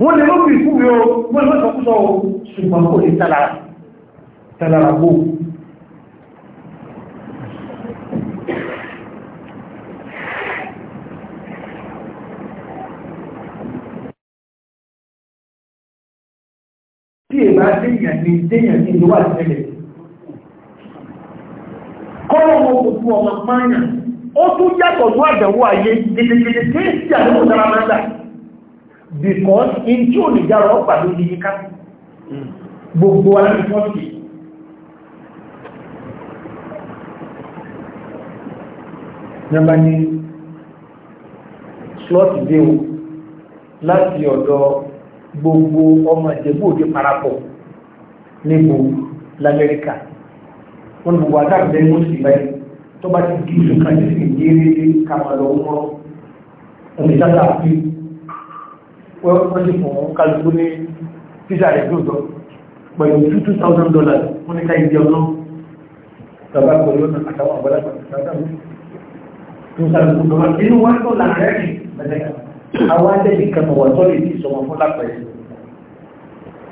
wọ́n lè mọ́ bí ikú yóò wọ́n lè ṣùgbọ́n kò lè tàlára tàlára tí èbá déyàn ní déyàn ní ìlú wà tẹ́lẹ̀ kọ́lọ̀ wọn kò fún ọmọ pààyàn ó tún yàtọ̀ ní àjẹ̀wò ayé gidigidi sí àdúgbò dára máa ń dà because in gbogbo ọmọ ìjẹ̀bú òde parapọ̀ níbo lamẹ́ríkà wọn gbogbo adáàbò lẹ́yìn wọn sì báyìí tó bá ti di ìṣù kan títí ìdíyelé kàmá lọ wọ́n omi sábà fi wọ́n sì fún kálukú ní fíṣà rẹ̀ tó tọ́ pẹ̀lú two two thousand dollars wọ́n ní ká ìdí ọ̀nà bàbá pẹ̀lú ọ̀nà àtàwọn àgbàlagbà tó sáré kú lọ́wọ́ inú wọn tó làárẹ̀ rẹ̀ mẹ́lẹ́kà àwọn adẹ́bí kan mọ̀wọ̀ tó lè ti sọmọ fún lápẹ̀ẹ́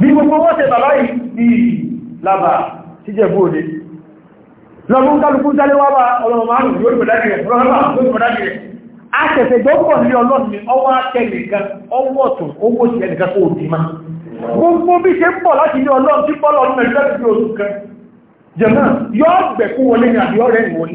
bí gbogbo wọ́n tẹ bàbá yìí bí lábà síjẹ̀bú òde lọ́gbọ́n kálukú dálé wá bá ọlọ́mọ márùn-ún yóò pẹ̀dájì rẹ̀ rọ́gbà yóò pẹ̀dájì rẹ̀ àtẹ̀fẹ̀gbọ́pọ̀ ní ọlọ́ni ọwọ́ akẹ́nìkan ọwọ́ ọ̀tún owó ti ẹnìkan kó ti má gbogbo bí ṣe ń pọ̀ láti ní ọlọ́run tí pọ́lọ̀ ní ẹ̀lú ẹ̀lú oṣù kan jẹ̀mọ́ yóò gbẹ̀kú wọlé ní àbíọ́rẹ́ ìwọlé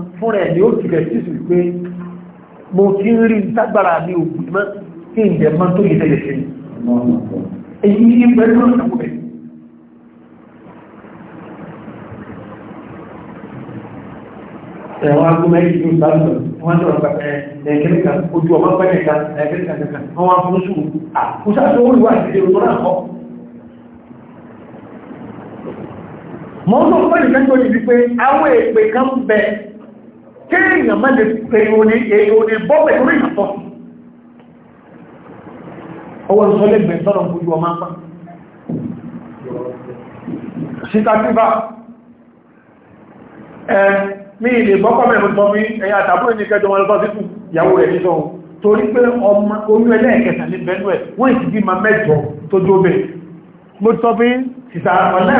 fún rẹ̀ ni ó ti rẹ̀ sísù pé mo ti ń rí tágbàrà ní ògùn mọ́ kí ìdẹ̀ mọ́ tó yẹ tẹ́lẹ̀ sí èyí ní pẹ̀lú ìrànlọ́wọ́ rẹ̀ ẹ̀wọ̀n agbó mẹ́rin ní ìbálòpọ̀ wọ́n tọ̀rọ̀ pẹ̀lẹ̀ ẹ̀kẹ́ríkà ojú ọmọ pẹ̀lẹ̀kà ẹ̀kẹ́ríkà kẹ̀kẹ́ wọ́n wá fún sùn àkúsàtò olùwà ìdíje òtọ́ náà kọ́ mọ́ tó pẹ̀lú kẹ́kọ̀ọ́ yìí wípé àwọn èèpè kan bẹ kéèyàn má lè pe òní èèyàn bọ́bẹ̀ orí ìyàtọ̀ ọwọ́ ìsọ́lẹ̀gbẹ̀ sọ́rọ̀ gbogbo ọmọ apá ṣíkàtíbà ẹ mi ilè bọ́kọ̀mẹ̀ ọ̀tọ́ mi ẹ̀yà àtàbúrẹ̀ ní kẹjọ wọn lọ́tọ́ síkù ìyàwó rẹ̀ nítọ́ torí pé ọmọ oyún ẹlẹ́ẹ̀kẹta ní bẹ̀rẹ̀ wọ́n ìsì bí ma mẹ́jọ tó jóbe mo tọ́ bí ìsàrànlẹ́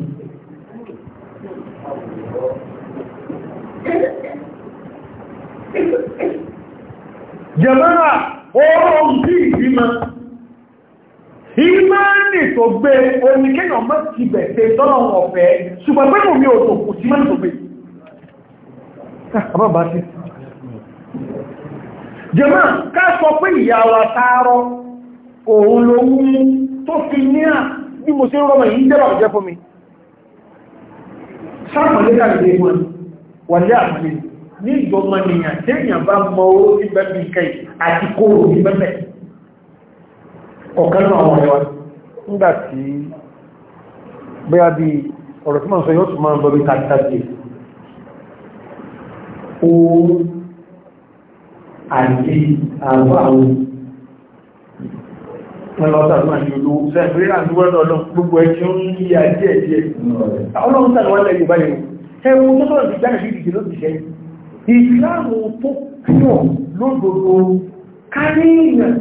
jẹ̀mọ́ra oòrùn sí ìbímọ ìmáàni tó gbé oníkẹ́yàn mọ́ ti bẹ̀ẹ̀ tọ́lọ̀wọ̀n ọ̀fẹ́ ṣùgbọ́n pé mò mí ò tó kò sí mọ́ tó gbé ah, jẹ̀mọ́ ká sọ pé ìyá wa tààrọ òun ló mú tó fi ní à bí mo sí rọmọ yìí jẹ́rọ jẹ́ fún mi sáàmù lé ní ìjọmọ nìyàn téèyàn bá mọ owó ní bẹ́bí ìkẹ́ àti kóòrò ní bẹ́bẹ̀ ọ̀kan náà wọ́n wọ́n nígbà tí bóyá bí ọ̀rọ̀ tí máa sọ yóò tún máa bọ́bí kàtàkì òun àti àwọn àwọn ọlọ́tàlúwà ní olówó sẹ́gbẹ̀rẹ̀ àdúgbọ́dọ̀ ọlọ́ gbogbo ẹ̀kí ń yí àjẹ́ ẹ̀jẹ́ ọlọ́run tàbí wọ́n lẹ́yìn báyìí ẹ̀wọ̀n tó tọ́rọ̀ ti jáde sí ìdíje ìsìláàmù tó pọ̀ lódodo káríyàn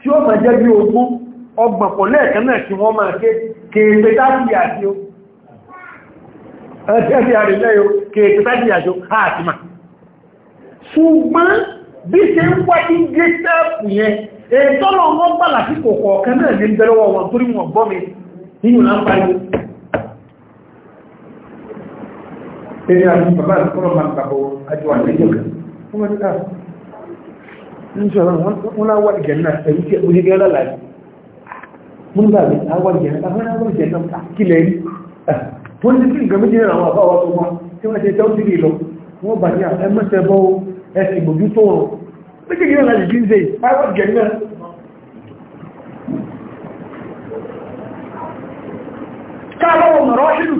tí ó máa jẹ́ bí ogún ọgbọ̀pọ̀ lẹ́ẹ̀kan náà kí wọ́n máa ké kéèké tábí àti àti ṣùgbọ́n bí ṣe ń wá ní yẹn ètọ́lọ̀ wọ́n gbà eré àti bàbá àtúkọ́rọ̀ máa gbàbọ̀ àjọ àlejò kan wọ́n máa ní ká ń sọ̀rọ̀ wọn láwọ́ ìjẹ̀ náà ẹ̀yí tí ó yẹ́gẹ́ lọ́la yìí wọ́n gbà mí àwọ̀ ìjẹ̀ náà àwọn àwọ̀ ìjẹ̀ náà kílẹ̀ rí wọ́n ti fi nǹkan méjì àwọn àbá wa tó wọn tí wọ́n ti tẹ́ ó sì rí lọ wọ́n bà ní ẹ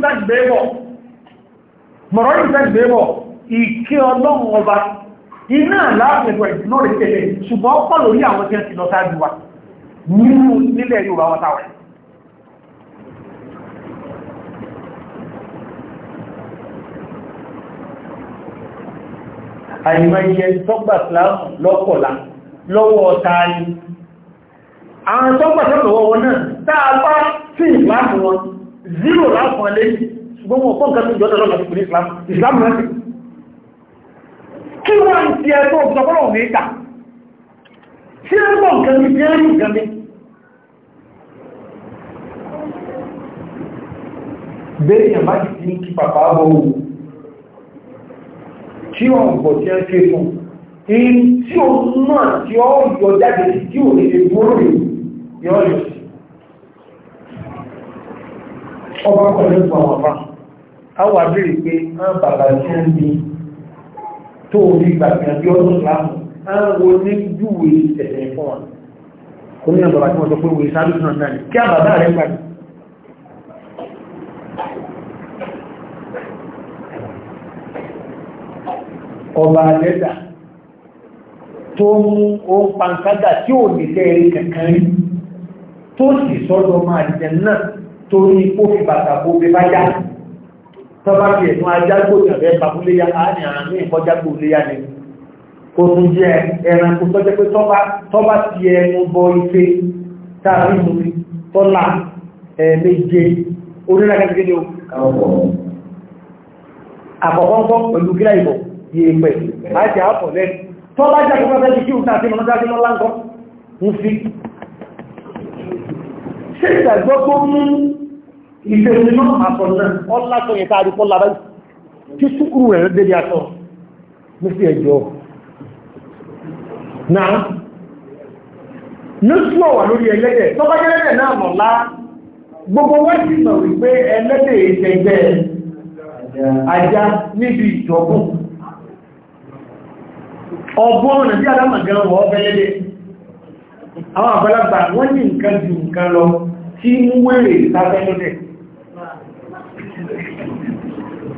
mẹ́sẹ̀ mọ̀rọ̀ ìfẹ́gbẹ̀ẹ́bọ̀ ìké ọlọ́run ọba iná láàpẹ̀ẹ̀kọ̀ ìdínà rẹ̀ tẹ̀lẹ̀ ṣùgbọ́n ọ̀pọ̀ lórí àwọn tí ó ti lọ sáájú wa nínú nílẹ̀ Yorùbá wọn táwọn àìmọ̀yẹ tọ́gbàsílámù lọ́kọ̀lá lọ́wọ́ ọ̀taari àwọn tọ́gbàsílámù lọ́wọ́ wọn náà tààbá sí ìpáàmù wọn zero láàpọ̀ lẹ́yìn gbogbo ọ̀pọ̀ nǹkan tó jọ ọ̀dọ̀ lọ́nà ìpínlẹ̀ Islam Islam rẹ̀ kí wọ́n ń ti ẹgbẹ́ òṣìṣọ́pọ̀lọ̀ òní ìta sí ẹgbẹ́ nǹkan ní jẹ́ rí nǹkan ní bẹ́ẹ̀ yàmá ti ti ń kí bàbá bọ́ ohun tí wọ́n pọ̀ tí ẹ ṣe fún in tí ó náà tí ó yọ jáde tí ò lè gbóró rẹ̀ yọ sí ọba àwọn àfáà a wà bèèrè pé á bàbá tí ó ń bi tó orí gbàgbàgbé ọdún láàmù á wo ní júwe ẹ̀sẹ̀ fún wa kò ní àbàbà tí wọ́n sọ pé wòye sáré náà náà ni kí àbàbà rẹ̀ gbàgbé ọba alẹ́dà tó mú ohun pankádà tí ò ní tẹ́ẹ̀rí kankan rí tó sì sọ́dọ̀ máa jẹ náà torí kó fi bàtà bó bá jáde tọ́bá ti ẹ̀tún ajágbò ìrẹ̀ babúléyà àárín àmì ìkọjágbò léyà ni kò tún jẹ́ ẹranko tọ́jẹ́ pé tọ́bá ti ẹnu bọ ife tààrí ìmúrí tọ́lá ẹ̀ẹ́mẹ́jẹ orílẹ̀-èdè àkọ́kọ́ pẹ̀lú gíra ìbọ̀ yẹ̀ẹ̀pẹ̀ láti àpọ̀ lẹ́nu tọ́bá jẹ́ àkọ́kọ́ kí òun àti mọ́lá jáde lọ́lá ń kọ́ ń ìgbàgbọ́ tó mú ìfẹ̀sìnà àtọ̀nà ọlátọ̀ yẹta àríkọ́ lára tí ṣúkúrù rẹ̀ dédé àtọ̀ ní sí ẹjọ́ náà ní ṣúọ̀ wà lórí ẹlẹ́dẹ̀ tọ́bájẹ́lẹ́dẹ̀ náà mọ̀ lá gbogbo wẹ́sì sọ wípé ẹlẹ́dẹ̀ ìjẹgbẹ́ ajá níbi ìjọgún ọgbọ́n ọ̀nà tí adámàgán wọ́ bẹ́lẹ́dẹ̀ àwọn àgbàlagbà wọ́n ní nǹkan ju nǹkan lọ tí ń wèrè ìtafẹ́lẹ́dẹ̀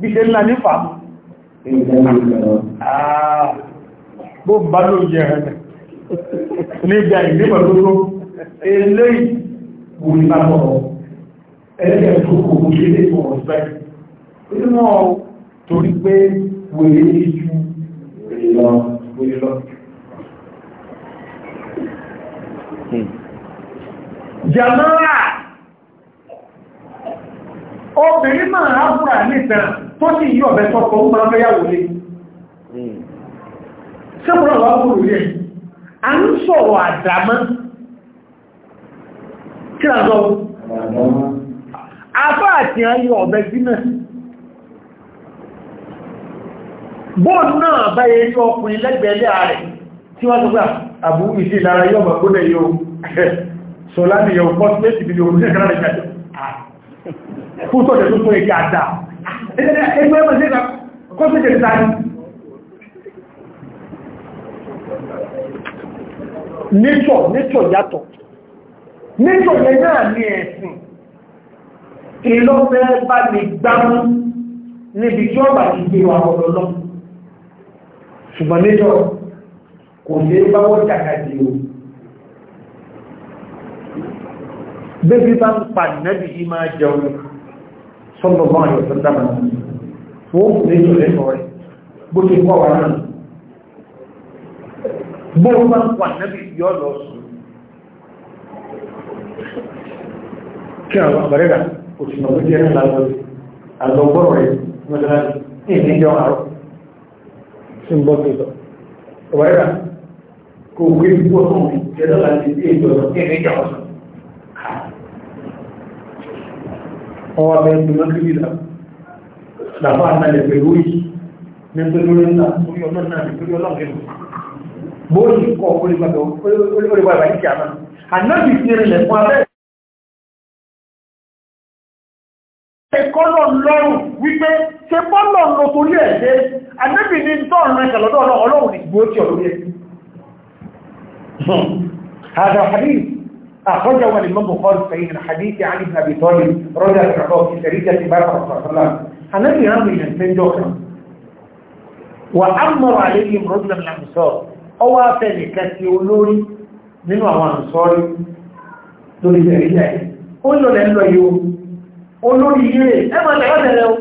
bí ṣe ńlá nífà ah, bó ń bá ló jẹ ẹ̀rẹ̀ nígbà ìgbìmọ̀ tó tó ilé ìwòrì bá bọ̀ ẹgbẹ̀ tó kò mú ṣe lé fún ọ̀sẹ̀ inú ọ̀ torí pé wèrè ní ju wèrè lọ jàmọ́ra obìnrin máa ń fúra nìtàn tó sì yí ọ̀bẹ tọ́kọ̀ ń máa fẹ́yàwó lé sẹ́kùnrọ̀ lọ́pùrù rẹ̀ a ń sọ̀rọ̀ àdámá kí a lọ afá àti ayé ọ̀bẹ gínà bọ́ọ̀n náà báyé yọ ọkùnrin lẹ́gbẹ̀ẹ́lẹ́ ààrẹ tí wọ́n [laughs] [laughs] tó gbà àbú ìṣẹ́ ìlara yọ ọmọ gbónẹ̀ yóò sọ láti yọ pọ́sílẹ̀ ìbìlì òun ẹgbẹ́ ẹgbẹ́ ṣe kọ́sẹ̀kẹ̀ sáyé nature nature yàtọ̀ nature yẹn náà ní ẹ̀sìn ìlọ́fẹ́ bá lè gbámú níbi tí ọba ti gbé wa ọ̀rọ̀ lọ ṣùgbọ́n nature kò lè bá wọ́n jàkàdì o bébí bá ń pa nẹ́bí yí máa jẹun sallallahu alaihi wasallam wọ́n kù lẹ́jọ́ lẹ́kọ̀ọ́ rẹ̀ bó ti kọ́ wa náà bó o bá ń kọ́ ànábì lọ sùn kí àwọn àbẹ̀rẹ̀ rà kò sì mọ̀ lójú ẹ̀rọ àlọ́gbọ́rọ̀ rẹ̀ mọ́tàlá ní ìjọ àárọ̀ sí ń bọ́ tó lọ àbẹ̀rẹ̀ kò gbé gbọ́ ọ̀hún ìjẹ́dọ́ ọwọ́ abẹ́ ń gbọ́n kí nílà làbá àtàlẹ̀ pẹ̀lú yìí ní pẹ̀lú ńlá orí ọ̀nà náà ní pẹ̀lú ọlọ́gbẹ̀rún bóòlù kọ́ orípa ìbàdí kí a máa ànábì fi rinlẹ̀ fún abẹ́ ẹ̀kọ́lọ̀ lọ́rùn wípé ṣe bọ́lọ̀ lọ torí ẹ̀ṣẹ́ ànábì ní tọ́ọ̀rùn ẹ̀ṣẹ̀lọ́dọ̀ ọlọ́run ìgbó tí ọ̀lórí ẹ̀ أخرجه الإمام بخاري صحيح الحديث عن ابن أبي طالب رضي الله في سرية بارك الله صلى الله عليه وسلم النبي أمر الإنسان وأمر عليهم رجلا من الأنصار أو أفل كثيولوري من هو أنصار دول سرية قل له لأنه يوم قل له يوم أما العادة لو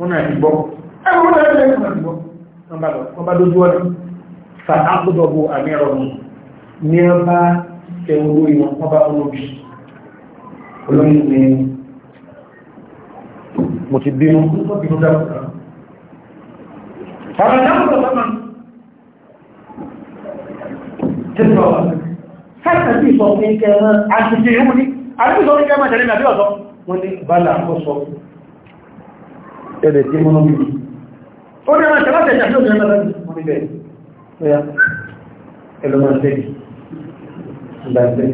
هنا يبقى أما هنا يبقى أما هنا يبقى فأقضبوا أميرهم ní ọba kẹwọ́ lórí wọn wọ́n bá wọn bí olóyìn ni mo ti bínú bínú dákùnrà ọ̀rọ̀ dákùnrà sọ́mà tẹ́lọ̀ sáàkà sí ìsọ̀ ní kẹwọ́ àṣìṣe ìhun ní àṣìṣọ́ ní kẹwọ́ tẹ̀lé àbí ọ̀sọ́ wọ́n ní bala àkọ́sọ́ ẹ̀rẹ̀ tí mọ́nà bí ó ní ọmọ ìṣẹ́lá tẹ̀lé àbí ọ̀sọ́ o ìgbàgbé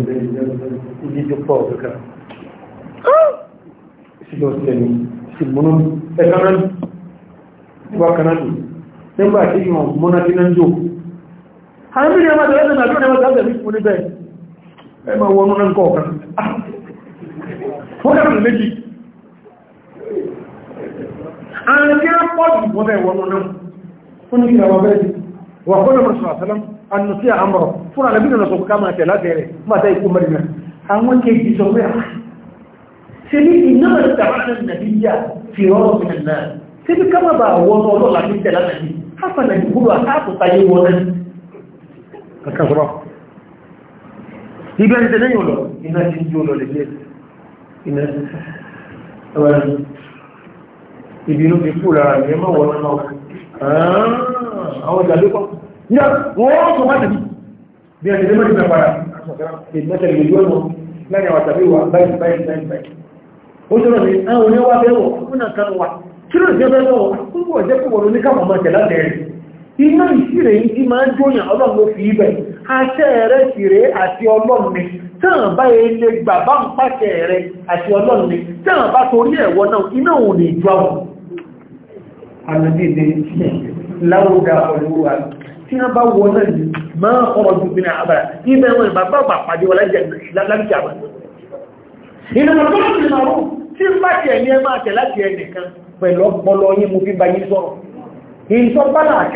ìdíjọpọ̀ ọ̀dọ́kà sílọ̀ tẹ̀lú ìgbónú ẹ̀kanáàdù ìwà kanáàdù nígbà tí ìwọ̀n mọ́nà tí náà jò hàmìlì ọmọdé ẹ̀sẹ̀ náà tó nẹ́wọ́n tàbí fún ní bẹ́ẹ̀ ẹ ma wọnú náà kọ́ ọ̀kan fọ́nàmì méjì àwọn tí ó pọ̀ jù wọ́n bẹ́ẹ̀ wọnú náà fún ní ìràwọ̀ bẹ́ẹ̀ wà kọ́nà mọ̀ fúnra lẹ́bí lọ́nà sọ̀kọ́ máa tẹ̀ láti rẹ̀ mọ́ta ikú mẹ́rinà àwọn kejì sọ pé ah, ṣe ní iná ìtàwọn nàìjíríà fi rọrọ̀ mi náà ṣe bí ká má bà wọn ọlọ́la ní tẹ̀lá nàìjí káfà nàìjí gbúrò àtàkùtayé wọn náà kàkà sọ́rọ̀ ibẹ̀ ń tẹ̀lé yìí lọ iná ti ń jó lọ lẹ́gbẹ́ iná ibi inú ti kú lára rẹ̀ mọ́ wọn náà àwọn ìgbàlẹ́kọ̀ọ́ wọ́n tó má tẹ̀lé bí ẹni lẹ́mọ̀ ìgbà padà ìgbẹ́sẹ̀ lè yóò lọ lẹ́yìn àwọn tàbí wà báyìí báyìí báyìí báyìí ó sọ̀rọ̀ ní àwọn oníwà bẹ́wọ̀ fún àkàrà wà kí ló jẹ́ bẹ́ẹ̀ lọ́wọ́ àkókò ọ̀jẹ́ pé wọ́n ní káwọn máa tẹ̀lá tẹ̀rẹ̀ iná ìsìrè yìí ti máa ń jóyàn ọlọ́run ló fi ibẹ̀ àṣẹ rẹ̀ sì rẹ̀ àti ọlọ́run ni tẹ́ràn bá ilé gbà bá ń pàṣẹ rẹ̀ àti ọlọ́run ni tẹ́ràn bá torí ẹ̀wọ̀ náà iná òun lè tí wọ́n bá wọ́n náà yìí máa ọ̀rọ̀ ju bí náà abára ibẹ̀ wọn ìbá bá pàdé wọn lájẹ̀ lábíkì àbá ìlànà tó lọ́pù ìlànà rú tí ń bá tẹ̀ ní ẹ máa tẹ̀ láti ẹ nìkan pẹ̀lú ọpọlọ yín mo fi bá yín sọ̀rọ̀ ìtọ́ bá náà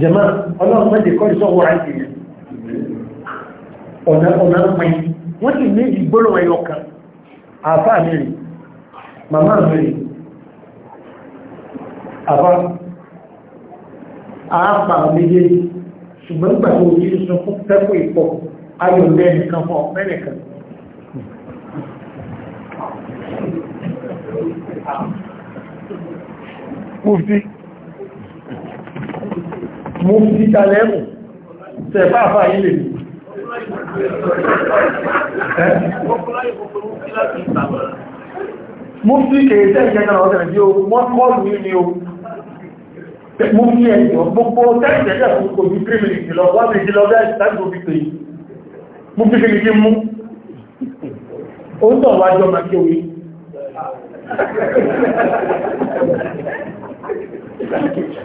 jẹ́mọ́ ọlọ́run mẹ́jẹ̀ kọ́ ìṣọ́wọ́ ráìtì ọ̀nà ọ̀nà pẹ́yìn wọ́n sì ní ìgbóná ẹyọ kan àfá mìírì màmá mìírì àfá àápa méje ṣùgbọ́n nígbà tó ojú sọ fún tẹ́kù ìpọ̀ ayọ̀ lẹ́nìkan fún ọ̀pẹ́nìkan mufti mufti talẹ́mù tẹ̀fà àfá yìí lè ní mú sí kèèṣẹ́ ìjẹta ọ̀sẹ̀ rẹ̀ bí o wọ́n kọ́lù ní ni o mú sí ẹ̀yọ́ gbogbo tẹ́ẹ̀jẹ́jẹ́ fún kò ní 3 minutes lọ 1 minute lọ bẹ́ẹ̀ láti òbí pé mú sí kèèṣẹ́ kí mú o ń tọ̀ wájọ́ máa kí orí Thank you.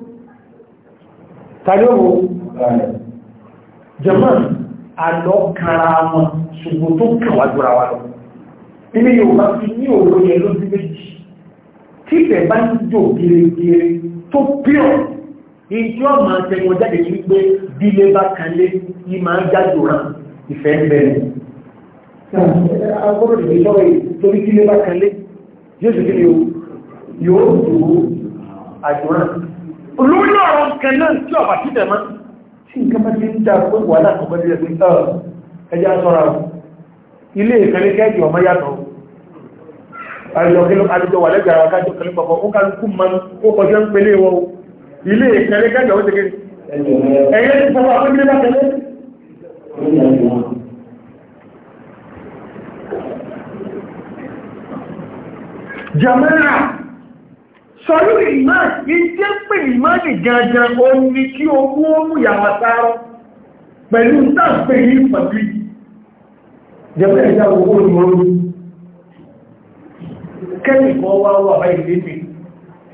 tàbíòwò german àlọ́ kara wọn ṣùgbọ́n tó kàwà jùra wa lọ ilé yóò bá fi ní òróyẹ lójú méjì tí ìfẹ́ bá ń jò gẹ́gẹ́ tó píọ̀ ìjọ máa tẹ̀wọ̀n jáde ní pé bílé bá kanlé ní máa ń jájòrà ìfẹ́ ń bẹ̀rẹ̀ agbọ́dọ̀ ìgbé sọ́rọ̀ torí bílé bá kanlé yóò olórí ọ̀rọ̀ nǹkan náà tí ọ̀bà tí tẹ̀mọ́ tí nǹkan bá ti ń dá pé wà láti ọmọdé ẹgbẹ́ ọ̀rọ̀ ẹjá sọ́ra ilé ìfẹ́lẹ́ kẹ́ẹ̀kì ọmọ yàtọ̀ àjọ wà lẹ́gbẹ̀ẹ́ àwọn akájọ kẹlẹ́ pọ̀pọ̀ ó kálukú ma ń kó kọjọ́ ń pelé sọ̀rọ̀ ìmáà ìjẹ́ pè ìmáàdì gangan o ní kí o mú oòrùn yàwà sáárọ̀ pẹ̀lú tàbí ní pàbí jẹ́bẹ̀ ẹ̀dá owó ìmọ̀rún kẹ́lìkọ́ wá wà bá ilé mi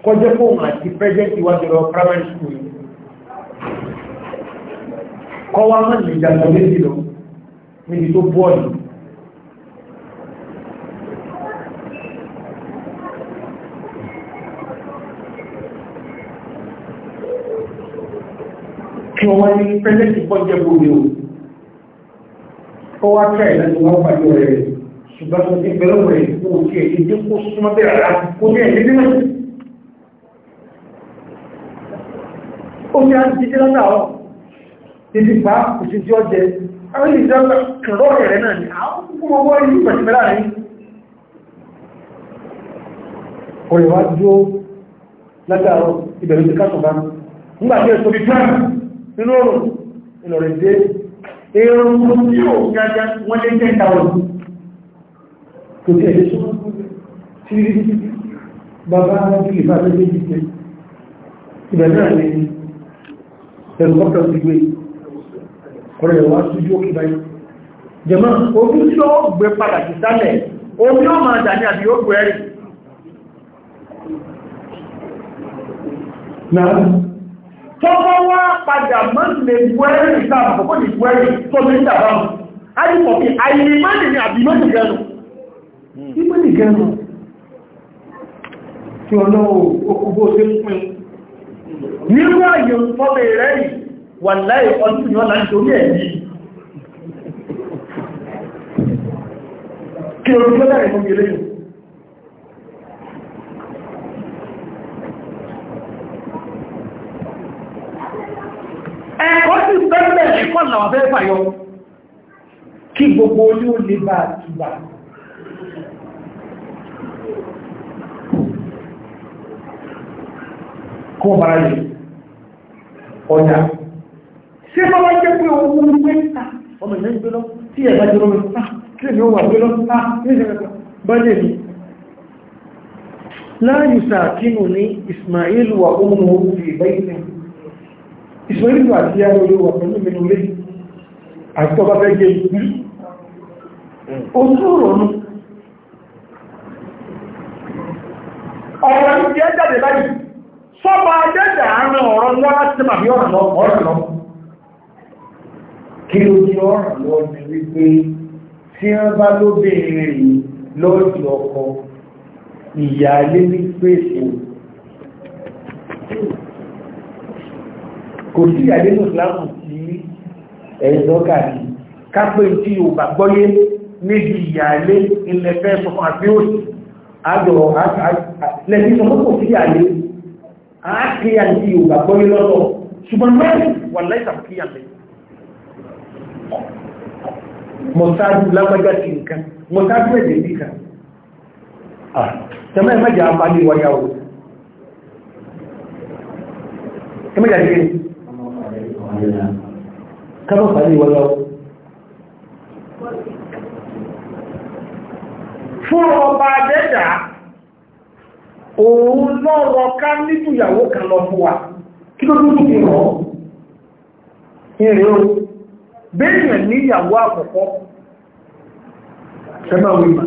kọjẹ́ fóòmù àti pẹ́jẹ́ntì wá jọrọ primary school kọwa tí wọ́n ní pẹ́lẹ́tì bọ́jẹ́ gbogbo ó wá kẹ́ ìlẹ́nu wọn pàdé rẹ̀ ṣùgbọ́n tó ti bẹ̀rẹ̀ rẹ̀ kó o tiẹ̀ ti dín kó súnmọ́ bẹ́ẹ̀ rà kó ní ẹ̀mí nínú. ó ní àti títí lọ́nà ọ̀ títí pa kò sí tí ó jẹ àwọn ìlú ìjọba kìlọ́ rẹ̀ náà ni àwọn kúkú wọ́n yìí pẹ̀lú mẹ́lá rẹ̀ nínú òrùn ìlọ̀rẹ̀ dé ẹ̀rùn tí ó gájá wọ́n lé jẹ́ ìtàwọn kò tí ẹ̀lẹ́ ṣọ́nà tí bàbá bí ìfà lẹ́gbẹ́ jíjẹ ìbẹ̀ náà lè ní ẹ̀lùkọ́pẹ̀ ti gbé ọ̀rẹ́ wá síjú òkè báyìí jẹ̀mọ́ ojú tí ó gbé padà sí sálẹ̀ omi ó máa dà ní àbí ó gbé ẹ̀rì náà tọ́kọ́ wá padà mọ́sílẹ̀ ìwẹ́rì ìsáàmù kòkó ní ìwẹ́rì tó ní ìdàbáwù ayíkọ̀bí àìlèmọ́nì ni àbí mọ́sí gẹnu ìmọ́nì gẹnu tí ọlọ́wọ́ okùnbó tí ń pín nínú àyè fọ́bẹ̀ rẹ̀ wà láì ọdún yọ́nà nítorí ẹ̀mí kí orúkọ́ lẹ́rẹ̀ fún mi lẹ́yìn làwọn fẹ́ fàyọ kí gbogbo olú lè bá tùbà kó bá lè ọjà ṣe bá wá jẹ́ pé owó ń gbé ọmọ ìlú ìgbé lọ tí ẹ̀bá jẹ́ lọ́wọ́ kí ah, ni ó wà gbé lọ bọ́lẹ̀ ni láàrín sàkínú ní Ismail wà ó mú fi bẹ́ẹ̀ Ismail wà tí pẹ̀lú mẹ́nu àti tọ́bá fẹ́ gé ìpí ojú ọ̀rọ̀ ní ọ̀rọ̀ ìdí ẹjáde báyìí sọ́bà adẹ́dà àárín ọ̀rọ̀ wọ́n láti máa bí ọ̀rọ̀ ọ̀rọ̀ lọ kí ló ní ọ̀rọ̀ lọ ní wípé tí wọ́n bá ló bèèrè lọ́ọ̀dì ọkọ̀ ìyáálé ní pèsè kò sí ìyáálé ní ìsìlámù tí ẹ̀yìn lọ́gàdì kápẹ́ tí o bà gbọ́yé níbi ìyàlé ilẹ̀ fẹ́ sọ fún àti òsì àjọ lẹ́bí sọ fún òsì ìyàlé àákíyà tí o bà gbọ́yé lọ́tọ̀ ṣùgbọ́n mẹ́rin wà láìsàkíyà mẹ́rin mọ̀sáájú lágbájá ti nǹkan mọ̀sáájú ẹ̀dẹ̀ nìkan tẹ́mẹ́ mẹ́jẹ̀ àpàdé wáyá o tẹ́mẹ́jẹ̀ àdíkẹ́ kama fàyè wọn fún ọba adẹ́dà òun lọ́rọ̀ ká nínú ìyàwó kan lọ fún wa kí ló dúdú fi rọ̀ ìrìn o ní ìyàwó àkọ́kọ́ sẹ́mọ̀wìmà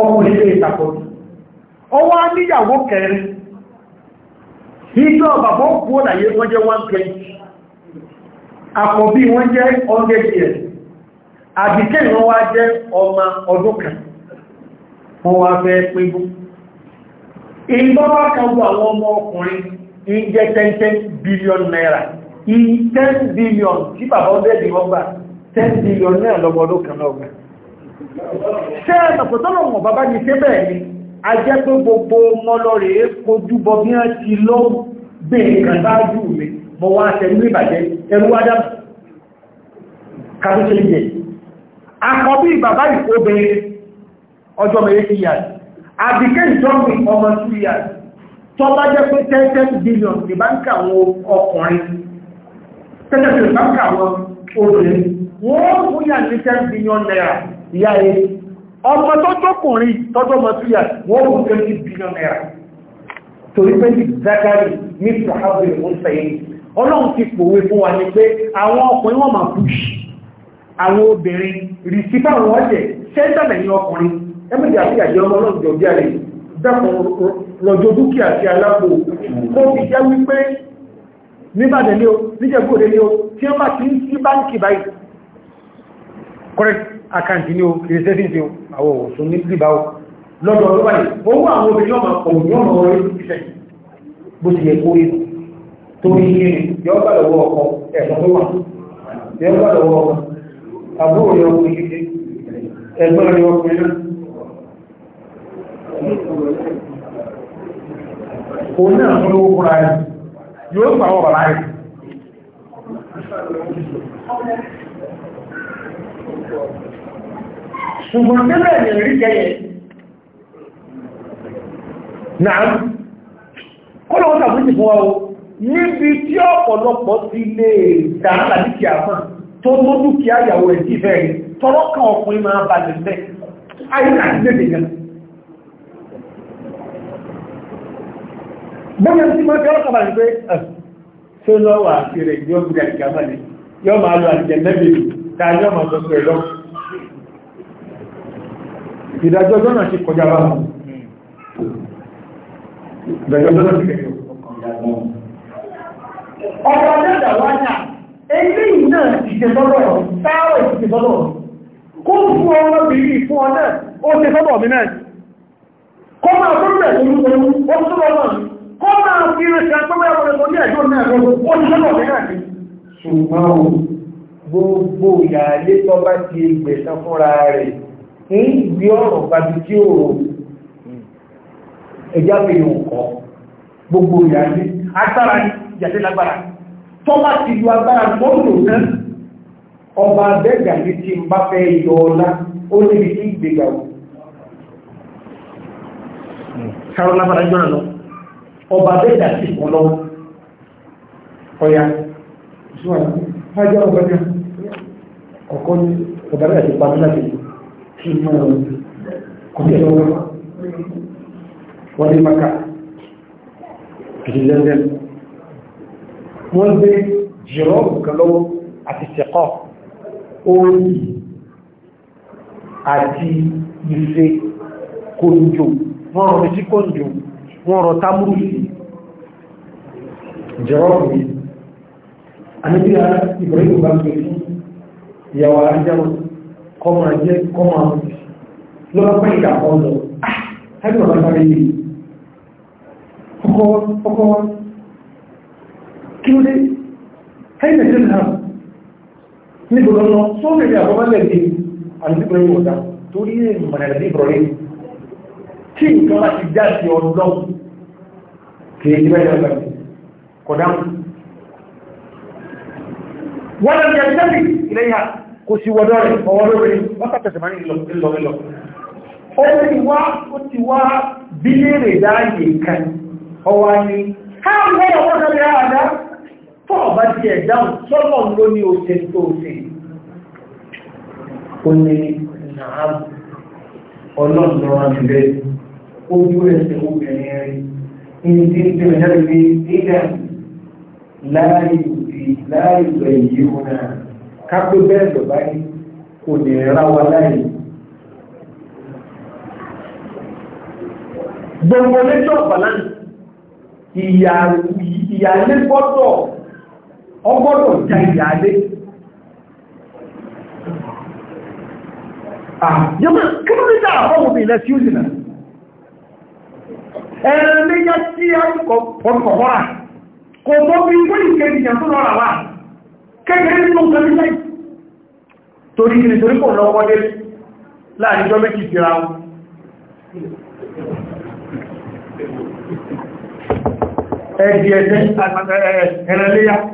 ọmọ ilé ìtàkọ́tù ọwọ́ níyàwó kẹrin ìjọ bàbá òkú ọ̀nà wọ́n jẹ́ àkọ́bí wọ́n jẹ́ 100 years àbíkẹ́ ìwọ́n wá jẹ́ ọmọ ọdún kan wọ́n wá fẹ́ pínbú ìgbọ́bá kan bú àwọn ọmọ ọkùnrin ní jẹ́ 10 billion naira in 10 billion tí bàbá ọdẹ́dì wọ́n gbà 10 billion naira lọ́gbọ́ ọdún kan náà gbà ṣe ẹ̀sọ̀pọ̀tọ́lọ̀ mọ̀ bàbá ní ṣe bẹ́ẹ̀ ni a jẹ́ pé gbogbo mọ́lọ́rẹ̀ẹ́ kojú bọ́ bí wọ́n ti lọ́ gbé mi mọ́ wá tẹ̀lú ìbàjẹ́ ẹrú adam kàtúnṣe yẹ akọbí bàbá ìkóbẹ̀ẹ́ ọjọ́ mẹ́rẹ́ sí yà àbíkẹ́ ìjọ́mì ọmọ sí yà tó bá jẹ́ pé 10 billion ní báńkà àwọn ọkùnrin 10 billion báńkà àwọn obìnrin wọ́n mú yà ní 10 billion naira ìyá ẹ ọmọ tó tókùnrin tọ́jọ́ mọ́ sí yà wọ́n mú 20 billion naira torí pé zakari ní sọ̀hábìrì mú sẹ́yìn ọlọ́run ti pòwe fún wa ní pé àwọn ọkùnrin wọ́n máa push àwọn obìnrin rí sí fáwọn ọjẹ́ sẹ́ntàmẹ̀yìn ọkùnrin ẹgbẹ̀dẹ̀ àti àjẹ́ ọmọ ọlọ́jọ́ bí alẹ́ dákùn lọ́jọ́ dúkìá sí alápò kó fi jẹ́ wípé níbàdẹ̀ ní o níjẹ̀gbòdẹ̀ ní o tí wọ́n bá ti ń sí báńkì báyìí correct account ní o kìí sẹ́sìn tí o àwọn òṣùn o lọ́dọ̀ ọlọ́wà yìí owó àwọn obìnrin bó ti yẹ kó rí torí ilé yọ́ bá lọ́wọ́ ọkọ̀ ẹ̀sọ́ tó wà yọ́ bá lọ́wọ́ ọkọ̀ àbúrò rẹ̀ ọkùnrin gidi ẹgbẹ́ rẹ̀ ọkùnrin náà kò náà fún owó fúnra rẹ̀ yóò fà wọ́n bàbá rẹ̀ ṣùgbọ́n tẹ́lẹ̀ ní rí kẹyẹ náà kọ́lọ̀wọ́ta fún ti o níbi tí ọ̀pọ̀lọpọ̀ ti lè dáadáa dúkìá fún tó tó dúkìá ìyàwó ẹ̀ sí bẹ́ẹ̀ tọ́rọ́ kan ọkùnrin máa balẹ̀ bẹ́ ayé àti lèdè gan bóyá tí máa tẹ́rọ kàbàlì pé tó ah, lọ́wọ́ àti rẹ̀ yóò gbé àìjàmà ní yóò máa lọ àìjẹ̀ lẹ́bẹ̀ tààjọ́ máa sọ pẹ̀lú ìdájọ́ ọjọ́ náà ti kọjá bá wọn ìdájọ́ ọjọ́ náà ti kẹjọ ọ̀pọ̀ ọ̀dọ́dà wá náà eléyìí náà ìṣe sọ́dọ̀ táwọ̀ ìṣe sọ́dọ̀ kó fún ọmọbìnrin fún ọ náà ó ṣe sọ́dọ̀ mi náà kó máa tó rẹ̀ tó rú ẹrú ó tó rọ̀ náà kó máa ní ọ̀rọ̀ gbàdú tí ó rò ẹ̀já fi hàn gbogbo ìyáálé agbára ni jàdé lágbára tó bá ti lu agbára mọ́tò náà ọba abẹ́gà ní ti ń bá fẹ́ yọ ọlá ó níbi tí ìgbéga wò kárọ́ lábára jọ́nà lọ ọba abẹ́gà sì kọ́ lọ́wọ́ ọya ìṣúwà fájọ́ ọba náà ọ̀kọ́ ní ọba abẹ́gà ti pa mí ní maka kìí wọ́n gbé jìrọ́ọ̀bù kan lọ́wọ́ àti sẹ̀kọ́ orí àti ife kòjò wọ́n rọ̀ sí kòjò wọ́n rọ̀ tábùrù sí jìrọ́ọ̀bù yìí àníbíyà ìbòrò bá gbé sí ìyàwó àjẹ́mọ̀ kọmọ àjẹ́ kọmọ àwọn lọ́wọ́ pẹ́ ìdàkọ́ ló dé ẹ̀yìn ẹ̀sẹ̀ náà níbo lọ́nà sóòrè ní àbọ̀mọ́lẹ̀ di àdúgbò ìwọ̀dá torí ìmọ̀lẹ̀lẹ̀ ìbọ̀rẹ̀ kí nǹkan bá ti já sí ọdún kìí ti bẹ́ẹ̀ lọ́gbà kọ̀dá wọ́n lọ jẹ́ jẹ́bì ilẹ̀ ìhà kò sí wọ́dọ́ rẹ̀ ọwọ́ lórí wọ́n sàtẹ̀sẹ̀ máa ní ìlọ̀lọ́lọ́ ó ti wá ó ti wá bílẹ̀ pọ̀ ọba ti ẹ̀ dáhùn sọ́lọ̀ ló ní oṣù tó oṣù ó ní nàám ọlọ́ọ̀dọ́ àbúrẹ́ ojú ẹsẹ̀ obìnrin rẹ̀ ní ti ń tẹ̀lé náà ní ìdá láàyè òdì láàyè ìgbà èyí wọn náà kápẹ́ bẹ́ẹ̀ lọ́ba yìí kò ní ra wa láàyè. gbogbo lẹ́jọ́ balance ìyá lẹ́gbọ́dọ̀ ọgbọ́dọ̀ ja ìyáálé yọ́mọ́ kí ló ní dáa fọ́wọ́ mi ilẹ̀ tí ó jìnà ẹ̀rẹ̀ léyá tí a kọ̀kọ̀kọ́ra kò tó bí wọ́n ìkẹ́ ìyàn tó lọ́ra wá kékeré ẹ̀dì ẹ̀dẹ́ ẹ̀rẹ̀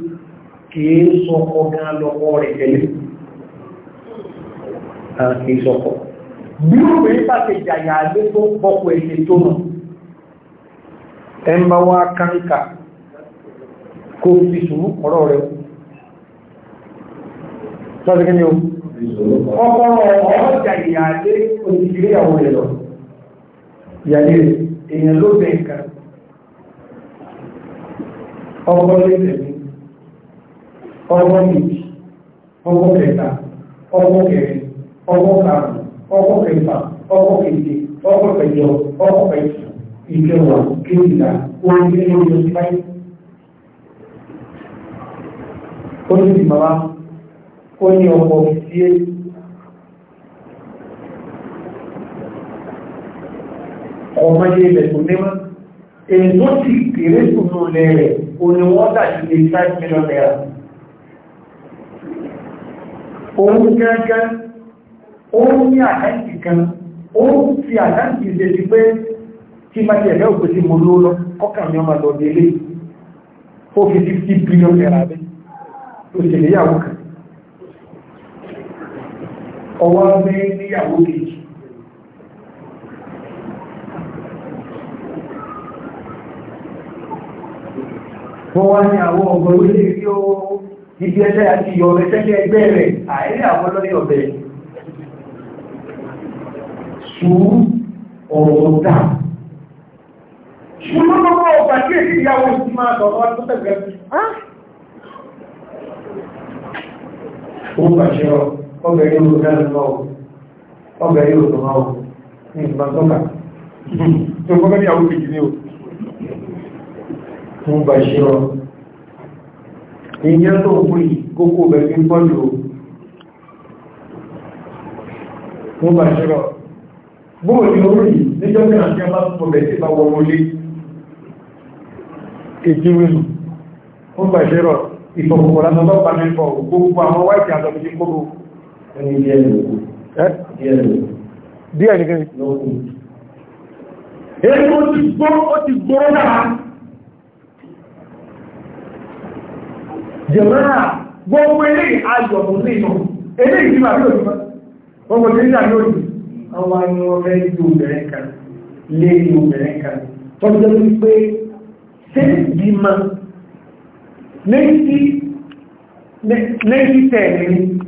kìí sọkọ̀ gan lọ́kọ́ rẹ̀ tẹ̀lé kìí sọkọ̀ bí ó pè ń pàṣẹ jàyà lé tó pọ̀pọ̀ èdè tó nà ẹmbà wá káńkà kó fi sùúrù ọ̀rọ̀ rẹ̀ lọ́sẹ̀kẹ́ ni ó ọkọ̀rọ̀ ọ̀rọ̀ jàyà lé òṣìṣẹ́yàwó rẹ̀ lọ ìyàlẹ́ èèyàn ló bẹ̀ nǹkan ọkọ̀ lé ọwọ́ nìkì ọwọ́ kẹta ọwọ́ kẹrin ọwọ́ karùn-ún ọwọ́ kẹfà ọwọ́ keje ọwọ́ kẹjọ ọwọ́ kẹjọ ìkẹwàá kéjìlá orí ẹyọ báyìí ó ní ti màmá ó ní ọkọ̀ sí é ọmọ ilé ilẹ̀ tó níwọ̀n èyí tó sì kéré sùn lẹ́rẹ̀ òní wọ́n dà sí 5 million naira òun gẹ́gẹ́ òun ní àkáǹtì kan òun ti àkáǹtì ṣe ti pé tí máa ti ẹ̀fẹ́ òpè tí mo ló lọ kọ́kà mi ọmọ lọ́dẹ ilé ó fi 50 billion naira rẹ̀ ó sì léyàwó kan ọwọ́ ní níyàwó kejì wọ́n wá ní àwọn ọgbọ̀n orílẹ̀-èdè ibi ẹgbẹ́ àti yọ ọ̀bẹ tẹ́lẹ̀ ẹgbẹ́ rẹ̀ àìrí àwọn lórí ọ̀bẹ sùúrù ọ̀rọ̀ dà ṣùgbọ́n lọ́wọ́ ọ̀gbà tí èdè ìyàwó ìsú máa tọ̀rọ̀ tó tẹ̀gbẹ́ ó pàṣẹ ọbẹ̀ yóò lọ dáná lọ́wọ́ ọbẹ̀ yóò lọ máa wò ní ìgbà tọ́ka tó gbọ́gbẹ́ ní àwọn òkèjì ní o fún pàṣẹ ọbẹ̀ ìyẹn tó kú yìí kókó bẹ̀ fi ń pọ́jù ó bá ṣẹ́rọ̀ bóò ní orí yìí níjọ́ bí àti ẹmà tó bẹ̀ sí bá wọ wọlé ìjíwìnù ó bá ṣẹ́rọ̀ ìfọ̀kọ̀kọ̀ lásán tó bá mẹ́fọ̀ gbogbo àwọn wáìtì àtọ̀bí kókó ẹni díẹ̀ lòkù díẹ̀ lòkù jẹ̀mọ́ra gbogbo ilé àjọ̀bù nínú ilé ìdíbà bí òjúmọ́ gbogbo ilé àjọ òjì àwọn àyàn ọ̀rẹ́ ìlú obìnrin kan lé ìlú obìnrin kan tó jẹ́ wípé ṣé ìgbìmọ̀ lẹ́yìn tẹ̀lé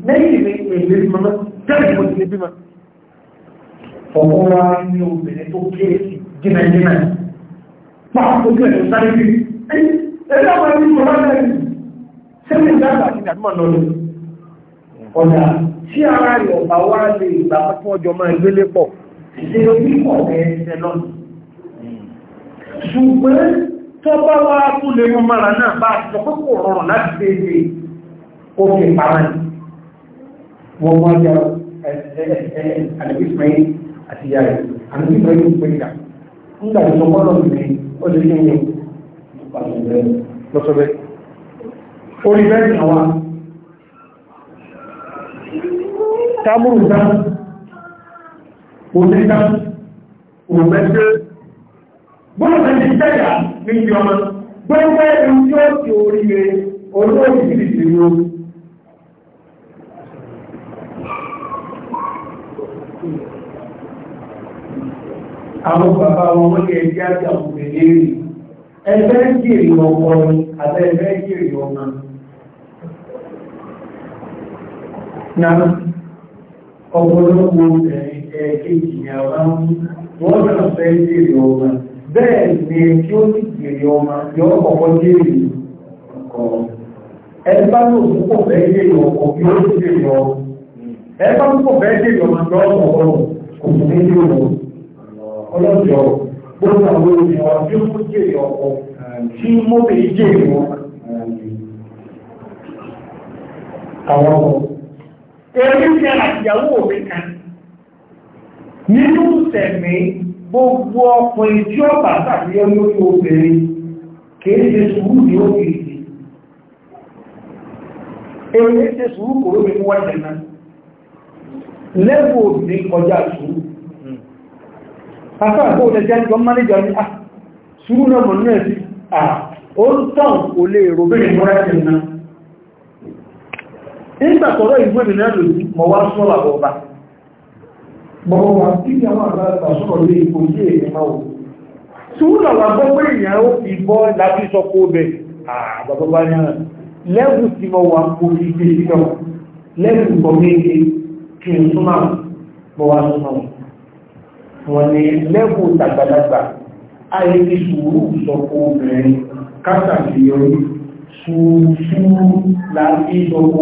lẹ́yìn ní èlé mọ́mọ́ tẹ́lẹ̀ mọ́ ti bímọ ọmọ wa ní obìnrin tó kéré sí jìnnàjìnnà pàápàá ojú ẹ̀ tó sáré bí ẹ̀yìn ẹ̀yìn àwọn ẹni tó rárá sẹ́yìn dáadáa ti dàdúmọ̀ lọ́nà ọ̀nà tí ara rẹ̀ ọ̀bá wá lè gbà fún ọjọ́ máa gbélé pọ̀ ṣe pípọ̀ ẹ̀ẹ́sẹ̀ lọ́nà ṣùgbọ́n tó bá wá kú lè mú mara náà bá sọ pé kò rọrùn láti fèèrè e ó fi para ní wọ́n máa jẹ àdàbísmẹ́ àti ìyá rẹ̀ àdàbísmẹ́ ní pẹ̀lú nígbà tó sọ pọ́lọ̀ mi ó lè ṣe ń yẹ orí bẹ́ẹ̀ àwa tábùrù tán òní tán òmẹ́gbẹ́ gbọ́nà ti tẹ́yà ní ibi ọmọ gbọ́nà ẹni tí ó ti orí rẹ̀ olóòtú ìrìsì ní orí àwọn bàbá wọn wọ́n yẹ ẹgbẹ́ àti àwọn òmìnirí ẹgbẹ́ ìrìn ọkọ̀ ni àbẹ́ ẹgbẹ́ ìrìn ọmọ náà ọ̀pọ̀lọpọ̀ ẹ̀ẹ̀kejì ni àwọn wọ́n náà fẹ́ jèrè ọmọ bẹ́ẹ̀ ni tí ó sì jèrè ọmọ yọ ọ̀pọ̀ jèrè ọkọ̀ ẹgbá ló púpọ̀ fẹ́ jèrè ọkọ̀ kí ó sì jèrè ọmọ ẹgbá púpọ̀ fẹ́ jèrè ọmọ ọmọ èmi ní àtìyàwó mi kan nínú sẹ̀mí gbogbo ọkùnrin tí ó bà tàbí olórí obìnrin kìí ṣe sùúrù ní ó kìí sí èmi ṣe sùúrù kò lóbi ní wọ́n tẹ̀lá lẹ́gbò ní kọjá sùúrù afẹ́ àgbò òjẹjẹ́ ìjọ mánéjà ní ah, sùúrù náà mọ̀ náà sí à ó ń tàn kò lè rò bẹ́ẹ̀ ní wọ́n nígbà tọ́rọ ìwé mi náà lòdì mọ̀ wá sọ́rọ̀ àwọn ọba mọ̀ wá kí ni àwọn àgbàlagbà sọ̀rọ̀ lé ipò sí èyí máa wò túnlọ̀ wà gbọ́ pé èèyàn ó fi bọ́ lábí sọ kó bẹ̀ àbàbàbà ní àrùn lẹ́bù tí mọ̀ wà kó fi dé síkọ̀ lẹ́bù kọ̀ méje kí n súnmà mọ̀ wá súnmà wọn ni lẹ́bù ti sùúrù sọ kó bẹ̀rẹ̀ kásà sí láti sọ kó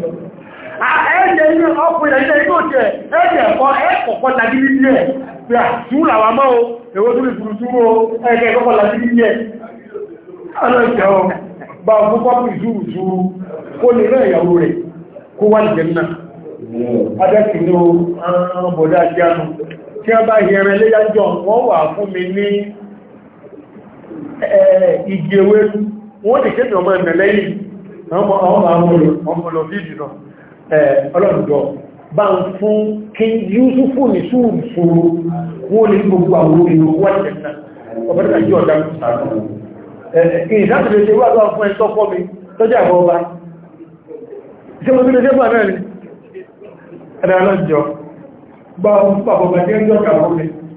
ẹ̀jẹ̀ inú ọkùn ìrẹ̀jẹ̀ inú òjẹ̀ ẹ̀jẹ̀ ẹ̀kọ́ ẹ̀kọ̀kọ́ láti ní ẹ̀ pé àtúrù làwà mọ́ o èwo tó lè fùrù túrò ẹ̀kẹ́ ẹ̀kọ́kọ́ láti ní ẹ̀ ọ bá a bá yẹrẹ léyájọ́ wọ́n ọmọ ọmọ ọmọ ọlọ́dọ̀ bá ń fún kí Yúsúfù ní ṣúùsùrù wọ́n lè gbogbo àwọn olùwọ́ wọ́n tẹ̀sán ọbẹ̀rẹ̀ àjọ ọ̀dá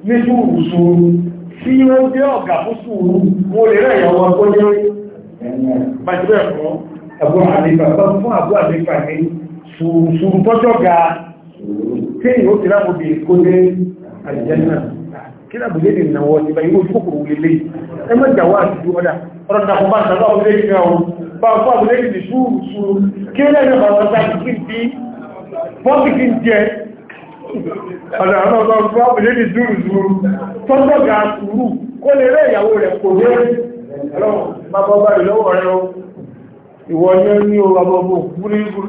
ní ṣúùsùrù tí ó jẹ́ ọ̀gá fún ṣúùrù wọ́n lè rẹ̀ ìyàwó akọ́lẹ́rí bàjẹ́ ẹ̀fún àbúrò àdífà bá fún àbúrò àdífà ní ṣùrù tọ́jọ́ ga tí èyí ó ti rábò bí kó ní àjẹ́nà kí lábò lè dìnnà wọ́n ti bá ìwò ojú kòkòrò lélé ẹ mọ́ ìjàwó àti ìjú ọ̀dá ọ̀rọ̀ dàkùn bá nǹkan lọ́wọ́ lẹ́yìn náà bá fún àbò lẹ́yìn ní ṣúrù ṣúrù kí ó lẹ́yìn bá wọn sáà kí n fi bọ́ọ̀kì kí n jẹ ọ̀dà àwọn ọ̀dọ́ fún àbò lẹ́yìn ṣúrù ṣúrù tọ́jọ́ ga ṣúrù kó lè rẹ́ ìyàwó rẹ̀ kò dé ọlọ́run bá bọ́ ni ó ní o abọ́bọ̀ búrúburú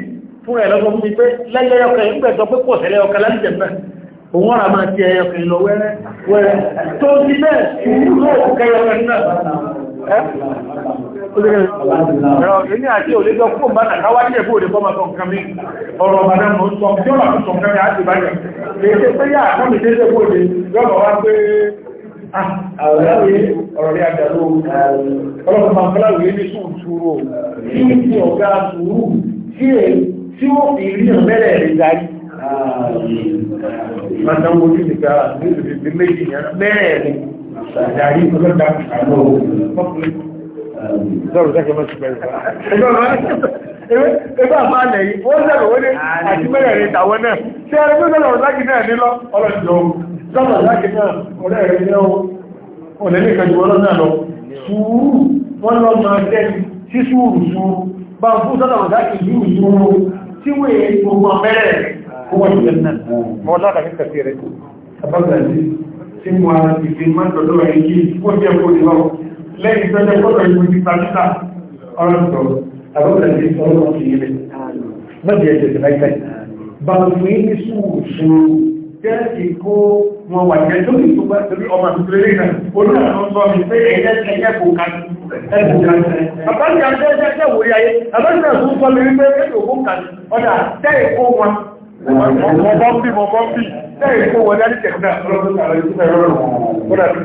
fún ẹ̀ lọ́gbọ́n mi pé lẹ́yẹyọkẹ ìgbẹ̀sọ pé pọ̀ tẹ́lẹyọkẹ láìjẹ̀ mẹ́ òun ọ̀rà máa ti ẹyọkẹ lọ wẹ́rẹ́ wẹ́rẹ́ tó ti bẹ́ẹ̀ sùúrù lóòkù kẹyọkẹ náà ẹni àti òlébọ́ fún ọmọ àtàwádìí ẹ̀bú òlébọ́ máa sọ nǹkan mi ọ̀rọ̀ ọ̀bàdà mọ̀ ń sọ tí ó máa sọ nǹkan mi àti ìbájẹ̀ èdè pé yà tí ó fi rí hàn mẹ́rẹ̀ rí darí mọ́sánwó ní ìgbà ní méjì mẹ́rẹ̀ rí darí ọlọ́dà àwọn ọkùnrin sọ́rọ̀ sẹ́kẹ̀ mọ́sí pẹ̀lú ẹgbẹ́ àmàlẹ̀ yìí ó sẹ́rọ̀ wọlé àti mẹ́rẹ̀ rí tàwọn náà tí ẹni tó sọ́rọ̀ láti náà nílọ ọlọ́dọ̀ sọ́rọ̀ láti náà ọ̀rẹ́ rẹ̀ ní ọ̀lẹ́ nìkan jù ọlọ́dà lọ sùúrù wọ́n lọ́ máa jẹ́ sí sùúrù sùúrù bá ń fún sọ́rọ̀ láti yìí sùúrù Ah. tí wọ́n èyí gbogbo abẹ́rẹ̀ kọwọ́ ìjẹ́nà mọ́ látàrí kàfí rẹ̀ tàbátàrí tí wọ́n ìfẹ́ máa tọ́lọ́ ẹ̀kí wọ́n jẹ́ kó lè lọ́wọ́ lẹ́yìn tọ́jẹ́ kọ́lọ̀ ìwé ti pàtàkì ọ̀rọ̀ sọ̀rọ̀ tàbátàrí ọlọ́rọ̀ kì í rẹ̀ mọ́bí ẹ̀jẹ̀ tẹ̀láìtẹ̀ bàbùn ní sùúrù jẹ́ ìkó wọn wà jẹ́ tó ìtúbá torí ọmọ àtúrẹ́rẹ́ náà olóòrùn sọ mi pé ẹ̀jẹ̀ ẹ̀jẹ̀ kò kájú Àbájá jẹ́ jẹ́ jẹ́ wòrí ayé, àbájá tó ń sọ lè rí pé ètò òkú kàní, ọ̀dà tẹ́ ìkó wọn. Mọ̀ bọ́ bí, mọ̀ bọ́ bí, tẹ́ ìkó wọn dárí tẹ̀kùnà ọlọ́dún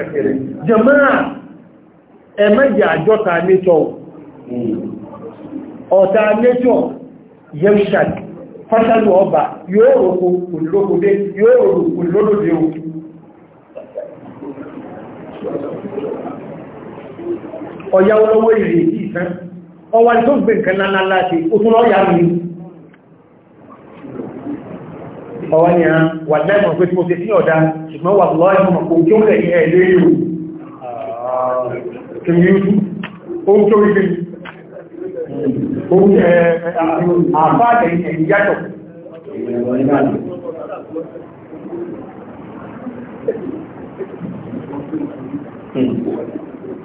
Jàmáà ẹ̀mẹ́jì àjọta nẹ́tọ̀, ọ̀ta nẹ́tọ̀ yẹ́mṣàd, fásánù ọba yóò rògbò òlòdòdé, yóò rògbò òlòdòdé ọ̀yá olówó ìrìn sí ìfẹ́ ọwá tó gbé nǹkan lánàá láti ó tún lọ́yà mi ọwá ni a wà lẹ́mọ̀ pé tí mo ṣe sí ọ̀dá ṣùgbọ́n wà lọ́ẹ̀mọ̀ kò kí ó lẹ̀ ní ẹ̀lẹ́ ìlú kìrìyìí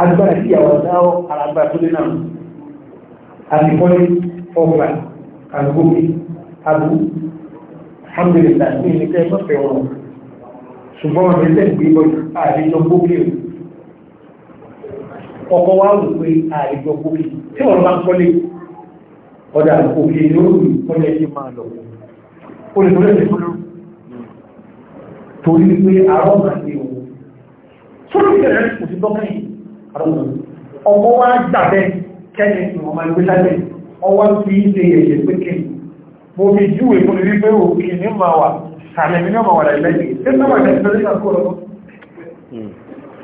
agbára tí àwọn dáwọ́ àràgbà tó lé náà àti kọ́lé ọgbà àgbókè àbú alhamdulillah ní ìníkẹ́ ẹgbẹ́fẹ́ wọn ṣùgbọ́n wọn ti tẹ́gbé bọ́ àríjọ gbókè ọkọ̀ wá wù pé àríjọ gbókè tí wọ́n bá ń kọ́lé ọ̀dà òkè ní orí kọ́lé yìí máa lọ olùdókè kúlú torí pé àwọn àti òun tó ní kẹrẹ kò sí ọmọ wa gbàbẹ́ kẹ́ni ọmọ ẹgbẹ́ lábẹ́ ọwọ́ fi ń ṣe ẹ̀yẹ̀ pé kí mo fi júwe fún mi pé òkè ní ma wà sàlẹ̀ mi ní ọmọ wàrà ìlẹ́yìn tí ó wà ní ìfẹ́lẹ́ ìsàkó lọ wọ́n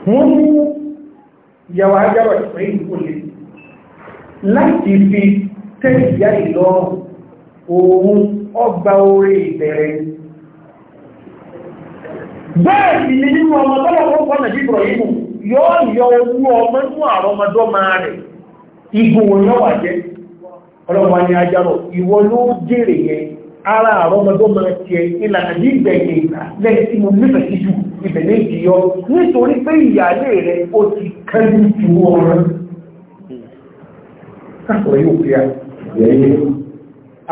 mú ìyàwó ajáwà ìfẹ́ ìkó lè láti fi tẹ́lìyà ìlọ́rùn òun ọgbà orí ìbẹ̀rẹ̀ bẹ́ẹ̀ sì ni nínú ọmọ tọ́lọ̀ fún ọmọ nàìjíríà yóò yọ owó ọmọ inú àrọmọdọ́mọ rẹ̀ igun yọ́wà jẹ́ ọlọ́wà ni ajárọ̀ ìwọ ló jèrè yẹn ara àrọmọdọ́mọ tiẹ̀ ìlànà bí ìgbẹ̀yẹ̀ ìgbà lẹ́yìn tí mo nífẹ̀ẹ́ sí jù ibẹ̀ ní ìdíyọ nítorí pé ìyàlé rẹ̀ ó ti kẹ́lú ju ọ̀rọ̀ káàkiri yóò fi àyẹ̀yẹ́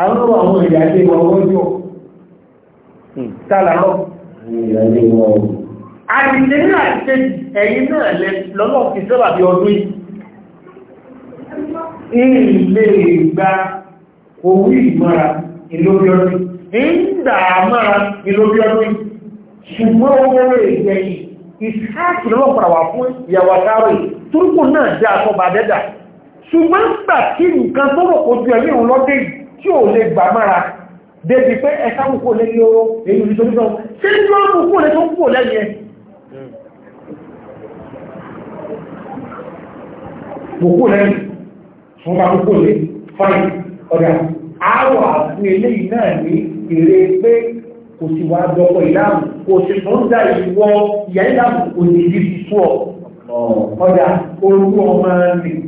àwọn àwọn ìyàlé wọn wọ́n yọ tálàrọ̀ ìyàlé wọn àdìsẹ́ ní àdìsẹ́jì ẹ̀yìn náà lẹ lọ́lọ́ fi sẹ́bà bí ọdún ilé ìgbà owó ìmọ́ra ìlóbi ọdún ìgbà mọ́ra ìlóbi ọdún ṣùgbọ́n owó ìgbẹ̀yìn ìsáàkì lọ́pàá wà fún ìyàwó àtàrí túnkù náà jẹ́ àtọ́bà dẹ́dà ṣùgbọ́n gbà kí nǹkan tó rò kójú ẹ̀mí òun lọ́dẹ̀ tí ò lè gbà mára débi pé ẹ̀sáwùkú lẹ́yìn oró èyí ìrìtòlítọ́ sí ní wọ́n mú kú lẹ́ tó kú lẹ́yìn Gbogbo rẹ̀ fún bá gbogbo lè fáyì ọ̀dà. Àwọ̀ àfún eléyìí náà ní èrè pé kò sì wá dọ́kọ̀ ìlàmù, kò sì tó ń dá ìwọ ìyá ìlàmù kò ní ibi fífọ́ ọ̀dà orú ọmọ rẹ̀,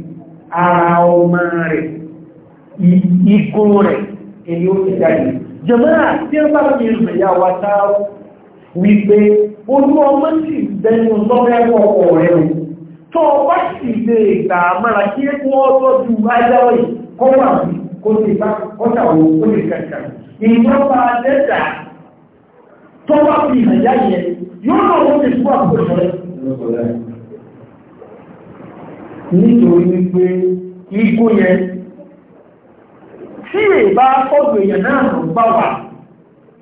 ara ọmọ rẹ̀, igun rẹ̀, èyí ó ti jáde. Jọ̀mọ́ra tí wípé olú ọmọ sì bẹnu lọ́rẹ́wọ́ ọkọ̀ rẹ̀ o tó ọba sì lè gbà mára kí é kún ọjọ́ ju ajáwé kọ́ wà ní kó lè bá kọ́tàwó ó lè kàkà ìjọba dẹ́ta tó wá fi ìhàjá yẹn yóò lọ wọ́n lè fún àkókò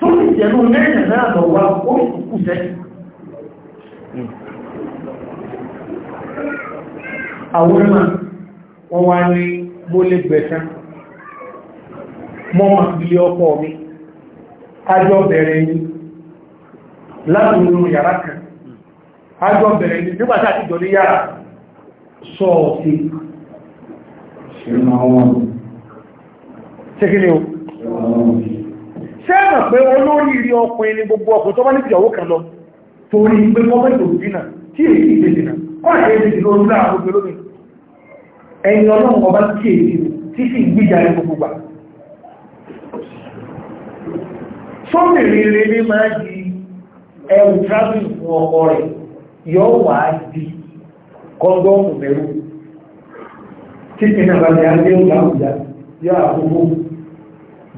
tó lè jẹ̀lú mẹ́rin náà lọ wá ó jẹ́ àwọn ẹ̀mà wọ́n wá ní mo lè mọ́ ma ilé ọkọ̀ mi ajọ́ bẹ̀rẹ̀ ní yàrá kan ajọ́ bẹ̀rẹ̀ ní nígbàtí àti ìjọ ní yàrá ṣe máa wọ́n sẹ́mọ̀ pé olóríire ọkùnrin ni gbogbo ọkùnrin tó bá ní ìyàwó kan lọ torí pé gọ́ọ̀mẹ́ntì òdínà tí èyí ti dèdìnà kọ́ àyẹ́dì lórí láàrín gbogbo lómi ẹni ọlọ́run ọba tí èyí tí sì gbíjà ní gbogbo gbà sọ́mìnrin rere máa di ẹwù travel fún ọkọ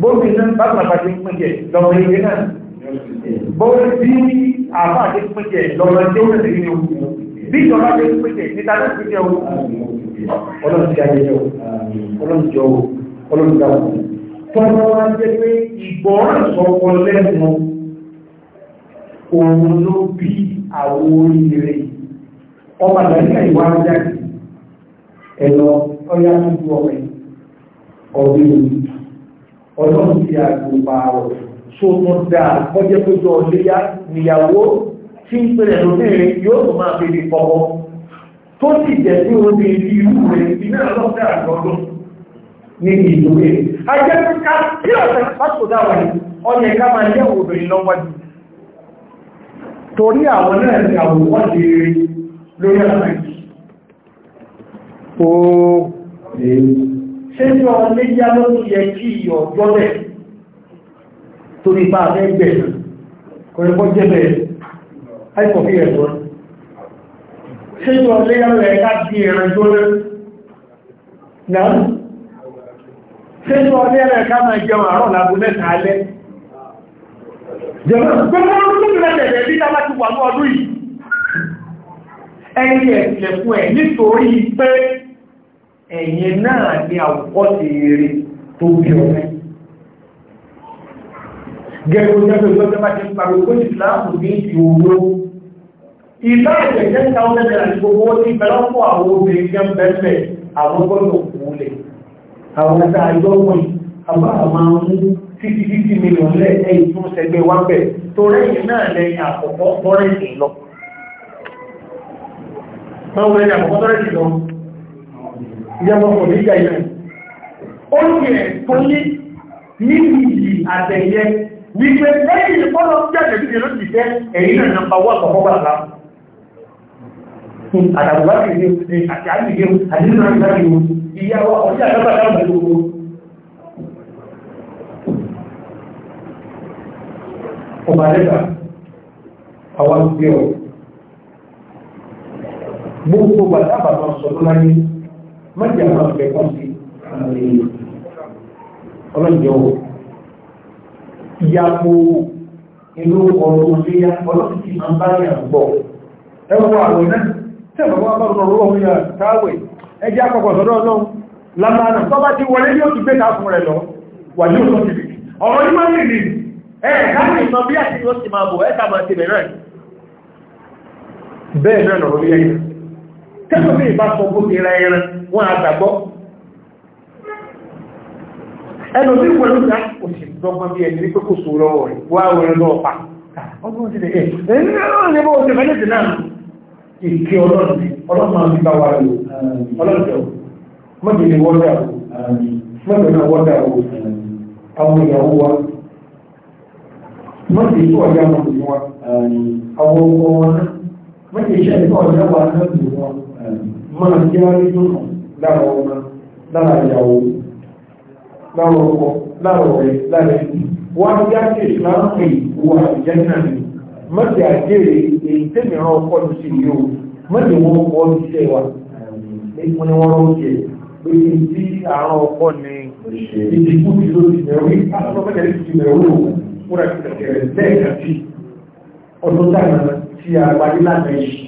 bóbi náà bàbàbà ti pínjẹ lọ́wọ́ ilé náà bóbi bí àbá ti pínjẹ lọ́wọ́ tí ó rẹ̀ nínú bí ìjọba ti pínjẹ níta náà pínjẹ o ọlọ́run ti ayẹyẹ o ọlọ́run jọ o ọlọ́run dá o tọ́lọ́ wá jẹ́ pé ìgbọ́ràn sọ́kọ lẹ́nu òun ló bí àwọn oríire ọmọ àgbàríkà ìwà ajáde ẹ̀lọ ọyá tó ju ọmọ ọdún ọlọ́run ti àgbòpá rọ̀ tó mọ́ dáa kọjẹ́ kójọ léyá níyàwó tí ń pèrè lóbìnrin yóò tó máa bèèrè fọwọ́ tó sì jẹ́ sí omi irú rẹ̀ iná ọlọ́pẹ́ àgbọ̀dọ̀ ní ìdókè ajẹ́ ká tí ọ̀sẹ̀ pàtó dáwà ní ọyẹ ká máa jẹ́ obìnrin lọ́wọ́dì torí àwọn náà ti àwòkọ́ ti rí lórí àmàkì ó èyí ṣé ní ọ̀rọ̀ léyá ló tún yẹ kí ìyọ̀ gbọ́lẹ̀ torí bá abẹ́ gbẹ̀rẹ̀ kọ̀rẹ́kọ́ jẹ́bẹ̀ àìkọ̀fí ẹ̀sọ́ ṣé ní ọ̀rọ̀ léyá ló yẹ ká di ẹ̀rẹ̀ gbọ́lẹ̀ náà ṣé ní ọ̀rọ̀ léyá ló yẹ ká máa jẹun àárọ̀ làbú mẹ́ta alẹ́ jẹun gbogbo ọdún mẹ́tẹ̀ẹ̀tẹ̀ bí dábà ti wà ní ọdún yìí ẹ̀yìn ẹ̀sìlẹ̀kùn ẹ̀ nítorí pé ẹ̀yìn náà ni àwùkọ́ ti rí tó bí ọmọ gẹ́gbẹ́ jẹ́gbẹ́ ìjọba bá ti ń parí pé ìsìláàmù ní ìwòrò ìbá ìgbẹ̀jẹ́ ìtàwọn ẹgbẹ̀rẹ̀ àti gbogbo ó ti bẹ̀rẹ̀ fún àwọn obìnrin jẹ́ bẹ̀rẹ̀ àwọn gbọ́dọ̀ kúlẹ̀ àwọn ẹgbẹ́ àjọ́gbọ̀n àbá àmà ń títí títí mílíọ̀n lẹ́ ẹ̀yìn tún sẹgbẹ́ wá bẹ̀ tó rẹ̀yìn náà lẹ́yìn àkọ́kọ́ tọ́rẹ̀yìn lọ ìjọba kò ní jẹyọ ó ti ẹ̀ tó ní níbi ìyí àtẹ̀yẹ wípé lẹ́yìn ìfọ́nà jáde sí ìlú ti jẹ́ ẹ̀yìn náà nàmbà wà kọ̀kọ́ bá lá àtàbùwá kìí àti àgbègbè àdínà ìgbàgbé ìyàwó ọjọ́ àgbàgbà dáàbà lóko ọba lẹ́gbà àwọn àgbẹ̀ ọ̀ gbogbo gbàdábà lọ sọ̀rọ̀ láyé mọ́jà máa fẹ́ kọ́ sí ọlọ́jọ́ ìyàpò inú ọ̀rọ̀ léyà ọlọ́sìkì máa bá yà gbọ́ ẹwọ́ àwẹ̀ náà tẹ́lọ̀ wọ́n bá rọrọ̀ ọ̀rọ̀ yà táwẹ̀ ẹjẹ́ àpapọ̀ sọ́dọ̀ ọlọ́run lámàánà tó bá ti wọlé yóò ti gbé ta fún rẹ̀ lọ wà ní òṣọ́ ti rìkì ọ̀rọ̀ yìí máa rìnrìn tẹ́lọ̀ bí ìbá sọ bó ti ra ẹran wọn àgbàgbọ́ ẹnu bí wọ́n ló dá òsì dọ́gbọ́n bí ẹni wípé kò sọ lọ́wọ́ rẹ̀ wá orin lọ pa ọgbọ́n ti dẹ̀ ẹ̀ ẹ̀ bọ́ ti fẹ́lẹ̀ dìnnà ìkí ọlọ́run ọlọ́run ti bá wa lò ọlọ́run jẹ́ mọ́jì ni wọ́n dà mọ́jì náà wọ́n dà àwọn ìyàwó wa mọ́jì tó ọjà mọ́jì wa àwọn ọkọ̀ wọn mọ́jì iṣẹ́ ìfọ̀ ọjà wa náà lò wọn máa jẹ́ àrídùnà lára ọmọ lára ìyàwó lára ọkọ lára ọ̀rẹ́ lára ẹni wọ́n á yá sí ìsìláàmù ìwọ àìjẹ́ náà ni mọ́tì àjèrè èyí tẹ́mìíràn ọkọ̀ tó sì yóò mọ́tì wọn kọ́ ọ́ ṣe wa ẹ̀kún ni wọ́n rọ́ jẹ́ lórí tí àárọ̀ ọkọ̀ ni ìdìkú ti ló ti mẹ̀rí àtọ́fẹ́kẹ̀rẹ́ ti mẹ̀rí ò múra ti tẹ̀kẹ̀rẹ̀ lẹ́ẹ̀kan sí ọdún dáná tí a gbadé láti ẹ̀ṣin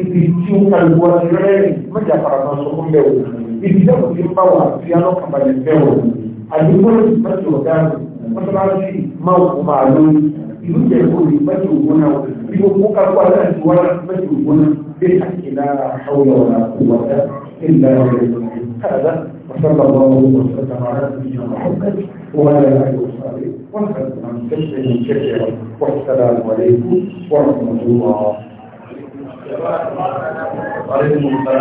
ibi tí ó ka ìwọ ti rẹ́rìn mẹ́jà farama sọ fún bẹ́ẹ̀ o ibi tí ó ti ń bá wà fi alọ́ kàbalẹ̀ bẹ́ẹ̀ o àdúgbò mẹ́tò ọ̀gá mọ́tàlásì máa wò máa lórí ìlú jẹ́ ìkórè mẹ́tò ògbón náà bí ó kó kápá náà ti wá mẹ́tò ògbón náà bí àkìlá àwọn ọ̀rọ̀ àkùwọ̀dá إلا هذا وصلى الله وسلم على نبينا محمد وعلى آله وصحبه وسلم تسليما كثيرا والسلام عليكم ورحمة الله alaikum